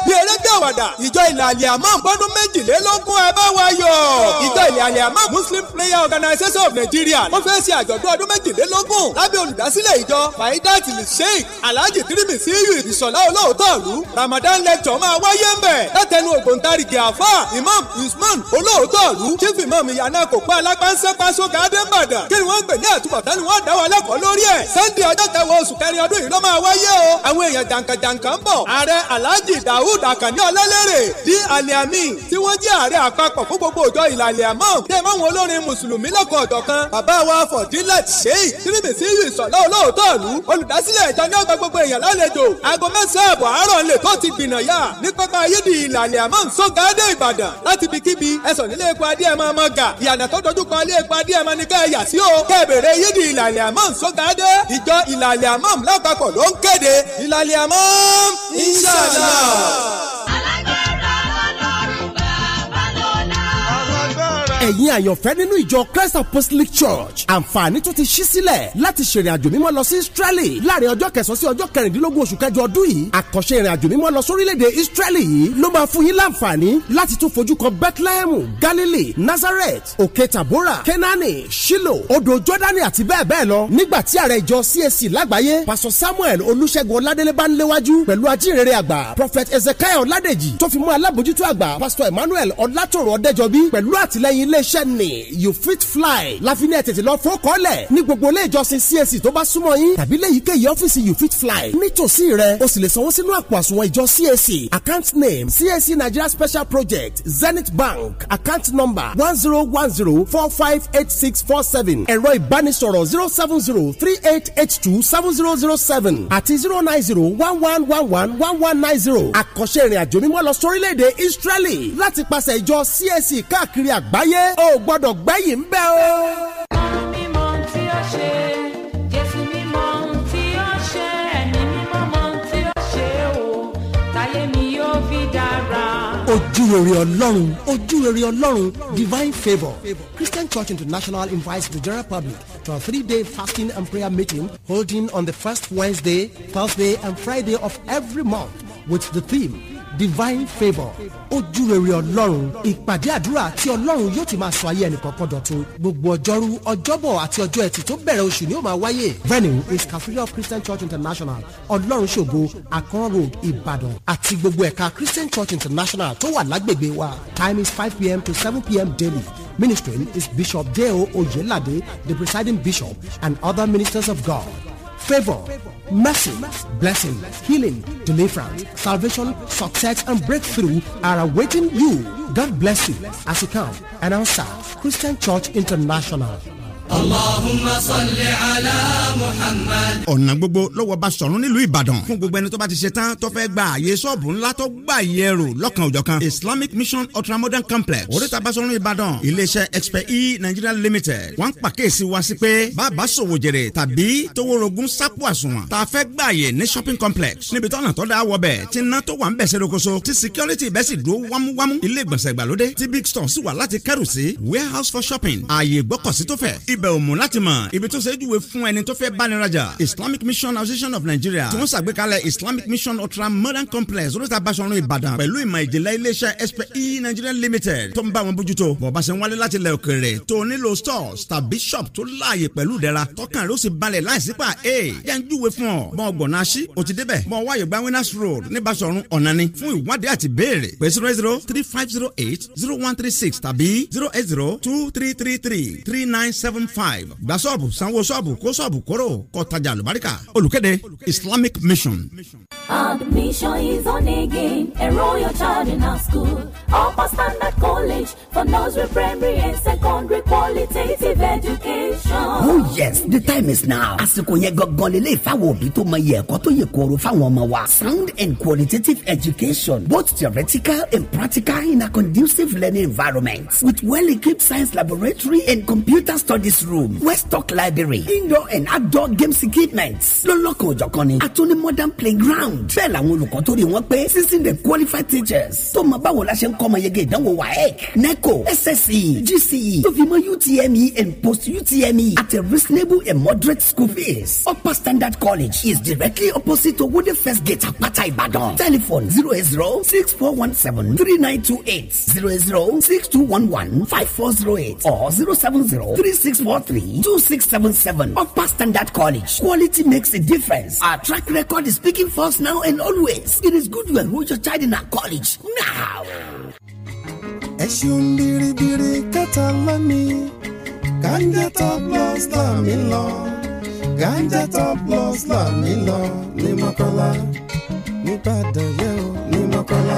bí eré bí àwàdà ìjọ ìlàlẹ̀ àmọ́ gbọ́dún méjìlélógún ẹ bá wa yọ̀. ìjọ ìlàlẹ̀ àmọ́ muslim prayer organization of nigeria wọ́n fẹ́ ṣe àjọ̀dún ọdún méjìlélógún lábẹ́ olùdásílẹ̀ ìjọ faidat sheikh alhaji tirimi siyu ìṣọ̀lá olóòtọ́ọ̀lù ramadan lecture máa wáyé ń bẹ̀ látẹnu ògbóǹtarìgì àfà imam usman olóòtọ́ọ̀lù chief imam ìyànà kò pa alápánsẹ́ pásókè adébàdàn kí ni wọ́n ń pè ní àtúbọ̀tán ni wọ́n dá wa lẹ́kọ̀ọ́ sunday ọjọ́ kẹwàá oṣù kẹrin ọdún yìí ló máa wáyé o àwọn dawud akànní ọlẹ́lẹ́rẹ̀ di àlẹ́ àmì tí wọ́n jẹ́ ààrẹ àpapọ̀ fún gbogbo òjọ ìlàlẹ̀ àmọ́ tẹ́ máwọn olórin mùsùlùmí lọ́kọ̀ ọ̀dọ̀ kan bàbá wa fọ̀dílẹ̀t sheik tirimisi ìsọ̀lá olóòótọ́ ìlú olùdásílẹ̀ ìjọ ní ọgbà gbogbo èèyàn lálejò aago mẹ́sàn-án àbọ̀ àárọ̀ lè tó ti gbìnàyà ní pápá ayédi ìlàlẹ̀ àmọ́ sọ́gáádé ìbàdàn láti ibikíbi ẹ̀sọ̀ nílé epo adéẹmọ ọmọ gà ìyànà tó dojúkọ ilé epo adéẹmọ ní ká ẹ̀yà sí o kẹ́bèrè ayédi ìlàlẹ̀ àmọ́ sọ́gáádé ìjọ ìlàlẹ̀ àmọ́ lápapọ̀ ló ń kéde ìlàlẹ̀ àmọ́ inshallah. ẹ̀yin àyànfẹ́ nínú ìjọ Christ Apostolic Church àǹfààní tó ti ṣí sílẹ̀ láti ṣèrìn àjò mímọ́ lọ sí Israeli láàrin ọjọ́ kẹsàn-án sí ọjọ́ kẹrìndínlógún oṣù kẹjọ ọdún yìí àkànṣe ìrìn àjò mímọ́ lọ sórílẹ̀-èdè Israeli yìí ló máa fún yín láǹfààní láti tún fojú kan Bethlehem Galilee Nazareth Òkè Tabora Kenani Shilo odò Jordani àti bẹ́ẹ̀ bẹ́ẹ̀ lọ nígbà tí ààrẹ ìjọ CAC lágbàáyé Pastor Samuel Olúṣẹ́gun Ọládélé bá ń léwájú pẹ̀lú ajínrere àgbà Prophet Ezekiel Ọládèjì tó fi mú alábòjútó àgbà Pastor Emmanuel Ọlátòrò Ọdẹ́jọbí pẹ̀lú àtìlẹ́yìn iléeṣẹ́ ni you fit fly láfiní ẹ̀ tètè lọ fọ́kọ́lẹ̀ ní gbogbo ilé ìjọsìn CAC tó bá súnmọ́ yín tàbí léyìíkéyìí ọ́fíìsì you fit fly nítòsí rẹ o sì lè sanwó sínú àpò àsùnwọ̀n ìjọ CAC account name CAC Nigeria Special Project Zenith Bank account number one zero one zero four five eight six four seven ẹ̀rọ ìbánisọ̀rọ̀ zero seven zero three eight eight two seven zero zero seven àti zero nine zero one one one one one one nine zero àkọsẹ́ ìrìnàjò mímọ́ lọ sórílẹ̀-èdè Israeli láti pàṣẹ ìjọ CAC káàkiri àgbáyé o gbọ́dọ̀ gbẹ́yìn ń bẹ́ o. bá mi mọ ohun tí ọlọ́run divine favour christian church international invites the general public to a three-day fasting and prayer meeting holding on the first wednesday thursday and friday of every month with the theme divine favour ojú rere ọlọ́run ìpàdé àdúrà tí ọlọ́run yóò ti máa sọ ayé ẹnìkọ̀ọ̀kan dọ̀tun gbogbo ọjọ́rú ọjọ́bọ̀ àti ọjọ́ ẹtì tó bẹ̀rẹ̀ oṣù ni ó máa wáyé venue is cathedral christian church international ọlọ́run ṣògo akron road ìbàdàn àti gbogbo ẹ̀ka christian church international tó wà lágbègbè wa time is five pm to seven pm daily ministering is bishop deo oyelade the presiding bishop and other ministers of god favor, mercy, blessing, healing, deliverance, salvation, success, and breakthrough are awaiting you. God bless you as you come and answer Christian Church International. Allahumma salli ala Muhammad. ọ̀nà gbogbo lọ́wọ́ Basọ̀rún nílùú Ìbàdàn fún gbogbo ẹni tó bá ti ṣe tán tó fẹ́ gba àyè sọ́ọ̀bù ńlá tó gbà yẹ rò lọ́kàn òjọ̀kan Islamic Mission Ultramodern Complex oríta Basọ̀rún Ìbàdàn iléeṣẹ́ Expert e Nigeria Limited wọ́n ń pàkíyèsí wa sí pé bàbá sòwò jèrè tàbí toworogun sápò àsùnwọ̀n tá a fẹ́ gba àyè ní shopping complex níbi tọ́nà tó dáa wọ bẹ̀ tí iná tó wà ń bẹ̀ ṣerokoso tí security bẹ́ẹ̀ sì dúró wámúwámú ilé ìgbọ̀nsẹ̀ ìgbàlódé tí big store sì wà láti kẹ́rù sí warehouse for shopping àyè gbọ́kọ̀sí tó fẹ̀ ib bẹ̀ ò láti mọ̀ ibi tó ṣe é fún ẹni tó fẹ́ báni rajà Islamic Mission Association of Nigeria tí wọ́n ṣàgbékalẹ̀ Islamic Mission Ultra Modern Complex olóòtú abáṣọrun Ìbàdàn pẹ̀lú ìmọ̀ ìjìnlẹ̀ iléeṣẹ́ SPE Nigeria Limited tó ń bá wọn bójútó bọ̀bá ṣe ń wálé láti ilẹ̀ òkèèrè tó nílò stores tàbí shop tó láàyè pẹ̀lú ìdẹ̀ra tọkàn rẹ̀ ó sì balẹ̀ láìsípà e yẹn júwe fún ọ mọ ọgbọ̀nà aṣí o ti débẹ̀ mọ wáyé gba winners road ní Basọ̀run ọ̀nani fún ìwádìí àti béèrè pé zero zero three five zero eight zero one three six tàbí zero eight zero two three three three three nine seven five gba sọ́ọ̀bù sanwó sọ́ọ̀bù kó sọ́ọ̀bù kóró kó tajà àlùbáríkà olùkéde Islamic Mission. Admission is on again. Enroll your child in our school. Upper Standard College for nursery, primary, and secondary qualitative education. Oh yes, the time is now. Àsìkò yẹn gangan lélẹ̀ ìfáwọ̀ òbí tó mọ iye ẹ̀kọ́ tó yẹ kóró fáwọn ọmọ wa. Sound and qualitative education, both theoretical and practical in a conducive learning environment with well-equipped science laboratory and computer studies service room westock library indoor and outdoor games equipment lọ́lọ́kan òjọ̀kan ni àtúní modern playground bẹ́ẹ̀ làwọn olùkọ́ tó rí wọn pé sísìn the qualified teachers tó mọ báwo la ṣe ń kọ́ ọmọ yege ìdánwò waec neco sse gce tó fi mọ utme and post utme at a reasonable and moderate school fees upper standard college is directly opposite to wode first gate àpáta ìbàdàn telephone zero eight zero six four one seven three nine two eight zero eight zero six two one one five four zero eight or zero seven zero three six. 643 2677 Upper Standard College. Quality makes a difference. Our track record is speaking for us now and always. It is good to enroll your child in our college now. ẹ̀sùn biribiri kẹta lónìí ganja top loss là mí lọ ganja top loss là mí lọ ní mọ́kànlá nígbàdàn yẹn ò ní mọ́kànlá.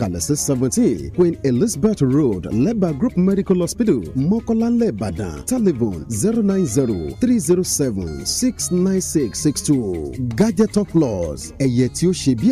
kalẹ̀ seventeen Queen Elizabeth Road Leba Group Medical Hospital Mokola Lebada telephone zero nine zero three zero seven six nine six six two Gadget of Laws ẹ̀yẹ tí ó ṣe bí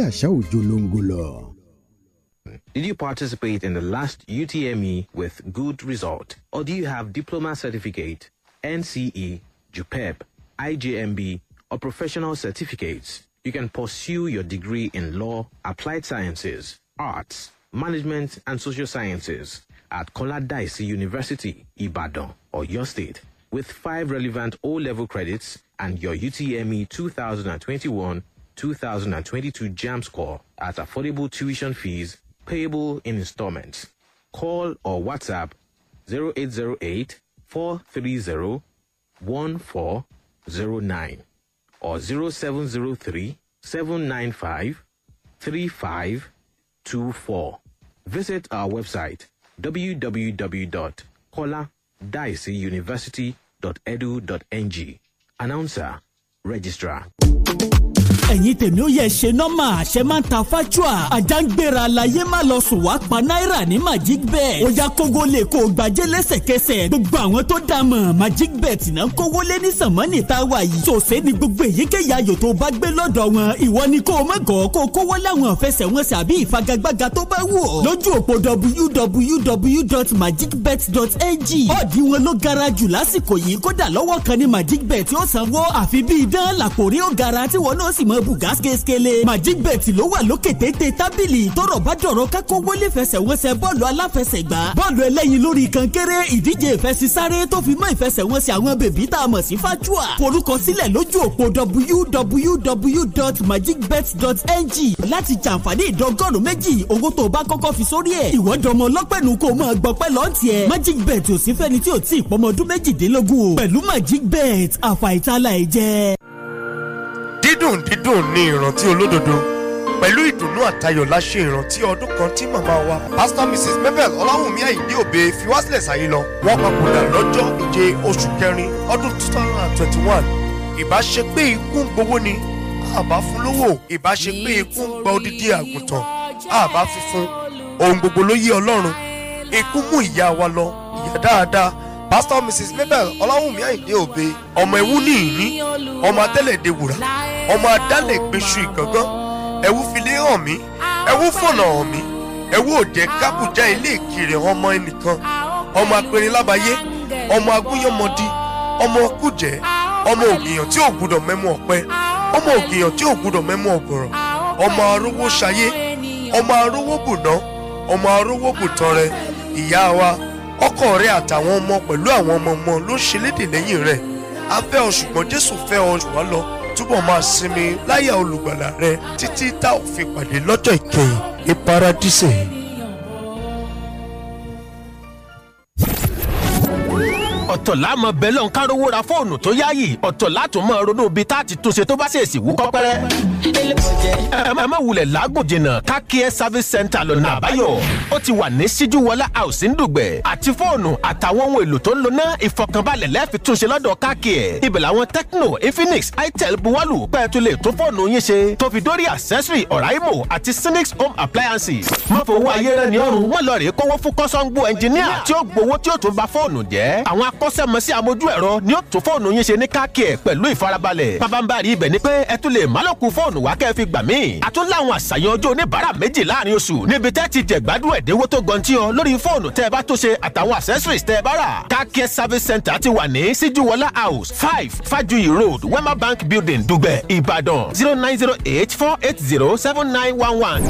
Did you participate in the last UTME with good result? Or do you have diploma certificate, NCE, JUPEP, IJMB, or professional certificates? You can pursue your degree in law, applied sciences, Arts, Management and Social Sciences at Kola Daisy University, Ibadan, or your state, with five relevant O-level credits and your UTME 2021-2022 JAM score at affordable tuition fees payable in installments. Call or WhatsApp 0808 430 1409 or 0703 795 35 24. Visit our website www.kola-university.edu.ng. Announcer, Registrar. ẹ̀yin tèmi ó yẹ ṣe nọ́mà àṣẹ máa ń ta fájúà ajá ń gbéra láyé má lọ sùn wá pa náírà ní magic bet ó yá kógó lè kó o lẹ́sẹ̀kẹsẹ̀ gbogbo àwọn tó dà mọ̀ magic bet náà kówó lé ní sànmọ́nì tá a wà yìí ṣòṣe ni gbogbo èyíkéyà ayò tó bá gbé lọ́dọ̀ wọn ìwọ ni kó o mọ̀ gọ́ kó o kówó láwọn ìfẹsẹ̀wọnsẹ̀ àbí ìfagagbága tó bá wù ọ́ lójú òpó www.magicbet.ng ọ̀dì wọn ló gara jù lásìkò yìí kódà lọ́wọ́ kan ní magic bet yóò sanwó àfi bíi dán làkòrí ó gara tí wọn náà sì mọ available gas kéékèèlé magic bet ló wà lókè téńté tábìlì tọ́rọ̀ bá dọ̀rọ̀ kákó wọlé fẹsẹ̀wọnsẹ̀ bọ́ọ̀lù aláfẹsẹ̀gbá bọ́ọ̀lù ẹlẹ́yin lórí kankéré ìdíje ìfẹsísáré tó fi mọ́ ìfẹsẹ̀wọnsẹ̀ àwọn bèbí tá a mọ̀ sí fájúà forúkọsílẹ̀ lójú òpó www.magicbets.ng láti jàǹfààní ìdọ́gọ́rùn méjì owó tó o bá kọ́kọ́ fi sórí ẹ̀ ìwọ dọmọ ọlọ́pẹ̀nu kò mọ̀ gbọ́pẹ́ lọ́ọ̀tì ẹ̀ magic bet ò sí fẹ́ni tí ò tí ì pọ́mọ ọdún méjìdínlógún o pẹ̀lú magic bet àfàìtálà ẹ̀jẹ̀ dídùn dídùn ni ìrántí olódodo pẹ̀lú ìdùnnú àtayọ̀ la ṣe ìrántí ọdún kan tí màmá wa pastor mrs mabel ọláwùnmí àyíndé òbí fiwásílẹ̀ sáyé lọ wọ́n papòdà lọ́jọ́ ìje oṣù kẹrin ọdún two thousand and twenty-one ìbáṣe pé ikú ń gbowó ni àbá fún lówó ìbáṣe pé ikú ń gba odidi àgùntàn àbá fífún ohun gbogbo ló yé ọlọ́run ikú mú ìyá wa lọ ìyá dáadáa pastor mrs mabel ọláwùnmí àyìndé òbe ọmọ Ewu ní ìní ọmọ adẹ́lẹ̀dẹ wùrà ọmọ adálẹ̀ gbèsù ìgangan ẹwú filé hàn mí ẹwú fọ̀nà hàn mí ẹwú òjẹ́ kábùjá ilé ọmọ ẹnìkan ọmọ apẹrin lábàáyé ọmọ agúnyánmọdí ọmọ kújẹ ọmọ ògìyàn tí ò gbúdọ̀ ọmọ ògìyàn tí ò gbúdọ̀ ọmọ arówó ṣayé ọmọ arówó ọmọ arówó ìyá ọkọ rẹ àtàwọn ọmọ pẹ̀lú àwọn ọmọ ọmọ ló ń ṣe lédè lẹ́yìn rẹ̀ a fẹ́ ọ ṣùgbọ́n Jésù fẹ́ ọ jù wá lọ túbọ̀ máa sinmi láyà olùgbàlà rẹ títí tá ò fi pàdé lọ́jọ́ ìkẹyìn ní paradísè. ọ̀tọ̀ la máa bẹ lọ́n ká rówó ra fóònù tó yáyì ọ̀tọ̀ látún máa ronú ibi tá a ti túnṣe tó bá ṣèèṣì wú kọ́pẹ́rẹ́. ẹ má wulẹ̀ lágùn jìnnà kákíẹ́ service center lọ́nà àbáyọ̀ ó ti wà ní síjúwọlá house ńdùgbẹ̀ àti fóònù àtàwọn ohun èlò tó ń lo náà ìfọkànbalẹ̀ lẹ́ẹ̀fi túnṣe lọ́dọ̀ kákíẹ́ ibẹ̀ làwọn tecno infinix itel buwalu pẹ́ẹ́tù lè fóònù yín ṣe tó fi dórí accessory ọ̀ráìmọ̀ àti sinix home appliances. má fowó ayé rẹ ní ọrùn wọ́n lọ rèé kówó fún kọ́sọ́ngbó ẹnjiníà tí ó gbowó tí ó tún ba fóònù jẹ́ àwọn akọ́ṣẹ́mọṣẹ́ amójú ẹ̀rọ ni ó tún fóònù yín ṣe ní káàkì ẹ̀ pẹ̀lú ìfarabalẹ̀ pabambari ibẹ̀ ni pé ẹ tún lè má lòkù fóònù wá kẹ́ ẹ fi gbà míì àtún láwọn àṣàyàn ọjọ́ oníbàárà méjì láàrin oṣù níbi tẹ́ ti jẹ̀gbádùn ẹ̀dínwó tó gọntí ọ lórí fóònù tẹ́ ẹ bá tó ṣe àtàwọn accessories tẹ́ ẹ bá rà káàkì service center ti wà ní síjúwọlá house five fájuyì road wema bank building dùgbẹ̀ ìbàdàn zero nine zero eight four eight zero seven nine one one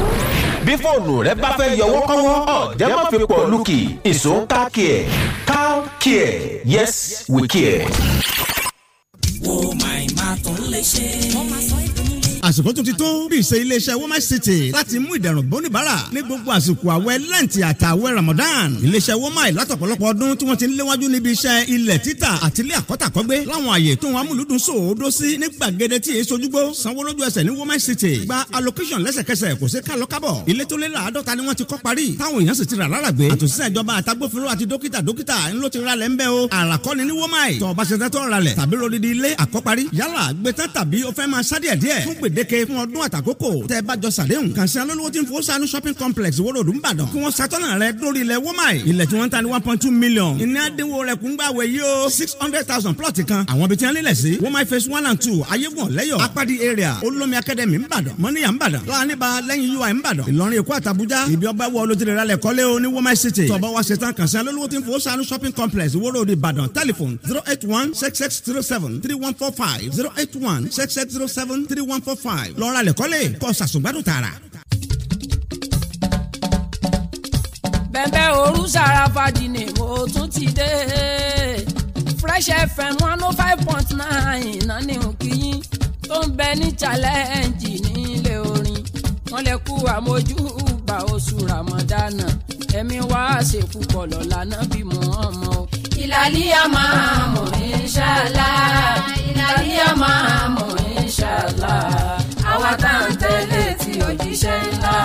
bí fóònù rẹ bá fẹ́ yọwọ́ kọ́wọ́ ọ̀jẹ̀ má fi pọ̀ lùkì ìsún ká kí Yes, we care. wo màì máa tún lè ṣe àsìkò tún ti tó bí ìṣe iléeṣẹ́ woman city láti mú ìdẹ̀rùn gbóníbàárà ní gbogbo àsìkò àwẹ̀ lẹ́ǹtì àtàwẹ̀ ramadan iléeṣẹ́ woman látọ̀pọ̀lọpọ̀ ọdún tí wọ́n ti ń léwájú níbi iṣẹ́ ilẹ̀ títà àti ilé àkọ́tàkọ́gbé láwọn àyè tó wọn amúlùdùn sòódó sí ní gbàgede tí èso júgbó sanwó lójú ẹsẹ̀ ní woman city gba allocation lẹ́sẹ̀kẹsẹ̀ kò sí kálọ kábọ̀ ilé tó lé láàdọ́ta ni wọ́n ti kọ́ parí táwọn èèyàn sì ti rà láràgbé àtòsíṣẹ́ ìjọba àtagbófinró àti dókítà dókítà ńlọ ti ralẹ̀ ńbẹ́ o àràkọ́ni ní woman tọ́ ọ bá ṣe tẹ́tọ́ ralẹ̀ tàbí rodidi ilé àkọ́parí yálà gbẹ́tẹ́ gbèdéke fún ọdún àtàkókò tẹ́ bá sàdéhùn kàn sí alólùwọ́ tí ń fowó sanu shopping complex wóró òdùn kí wọ́n satọ́nà rẹ lórí ilẹ̀ wọ́màì ilẹ̀ tí wọ́n ń ta ní one point two million ìní àdéhùn rẹ̀ kún gbàwé yìí o six hundred thousand plot kan àwọn ibi tí sí wọ́màì phase one and two ayégun lẹ́yọ̀ apadi area olómi academy ńbàdàn mọ́níyà ńbàdàn láàánibà lẹ́yìn ui ìbàdàn telephone zero eight one four five zero eight one six six zero seven three one four five lọ́ra lẹ́kọ́lẹ̀ kọ́ sàṣùgbádùn tààrà. bẹ́ẹ̀ òru ṣàràfàjì ni mo tún ti dé Fresh FM one oh five point nine Nani ni òkìyín tó ń bẹ ní challenge nílé orin wọ́n lè kú àmójú bá oṣù Ramadana ẹ̀mí wá ṣèkú pọ̀ lọ́la náà bí mo hàn mọ́ o ìlàlí a máa mọ̀ inṣàlá ìlàlí a máa mọ̀ inṣàlá àwa tá à ń tẹ́lẹ̀ tí òjíṣẹ́ ńlá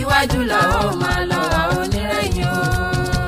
iwájú làwọn máa lọ àwọn onírẹ̀yìn o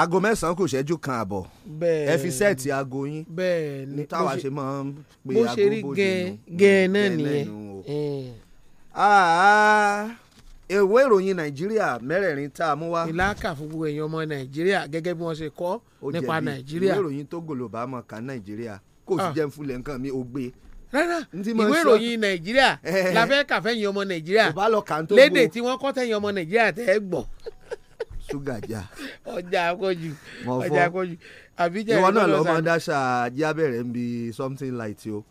aago mẹ́sàn-án kò ṣẹ́jú kan àbọ̀ ẹ fi sẹ́ẹ̀tì aago yín ní táwa ṣe máa ń pe aago bóde nù bó ṣe rí gẹ́ẹ́ náà nìyẹn. ìwé ah, ìròyìn nàìjíríà mẹ́rẹ̀ẹ̀rin tá a mú wá. ìlàkà fún gbogbo èèyàn ọmọ nàìjíríà gẹ́gẹ́ bí wọ́n ṣe kọ nípa nàìjíríà. ìwé ìròyìn tó gòlò bá mọ̀ ká nàìjíríà kò sì ah. jẹ́ fúnlẹ̀ nǹkan mi ò gbé rárá ìwé ìròyìn nàìjíríà la fẹ́ kàfẹ́yìn ọmọ nàìjíríà lédè tí wọ́n kọ́ tẹ̀yìn ọmọ nàìjíríà tẹ́ gbọ́ ṣúgà já. ọjà àpọ̀jù ọjà àpọ̀jù àbíjà ìwọ náà lọ́ọ́ máa dáṣà ajé abẹ́rẹ́ ń bi something light o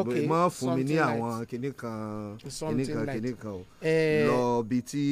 okay mọ fún mi ní àwọn kinní kan kinní kan kinní kan o eh. lọ bi tí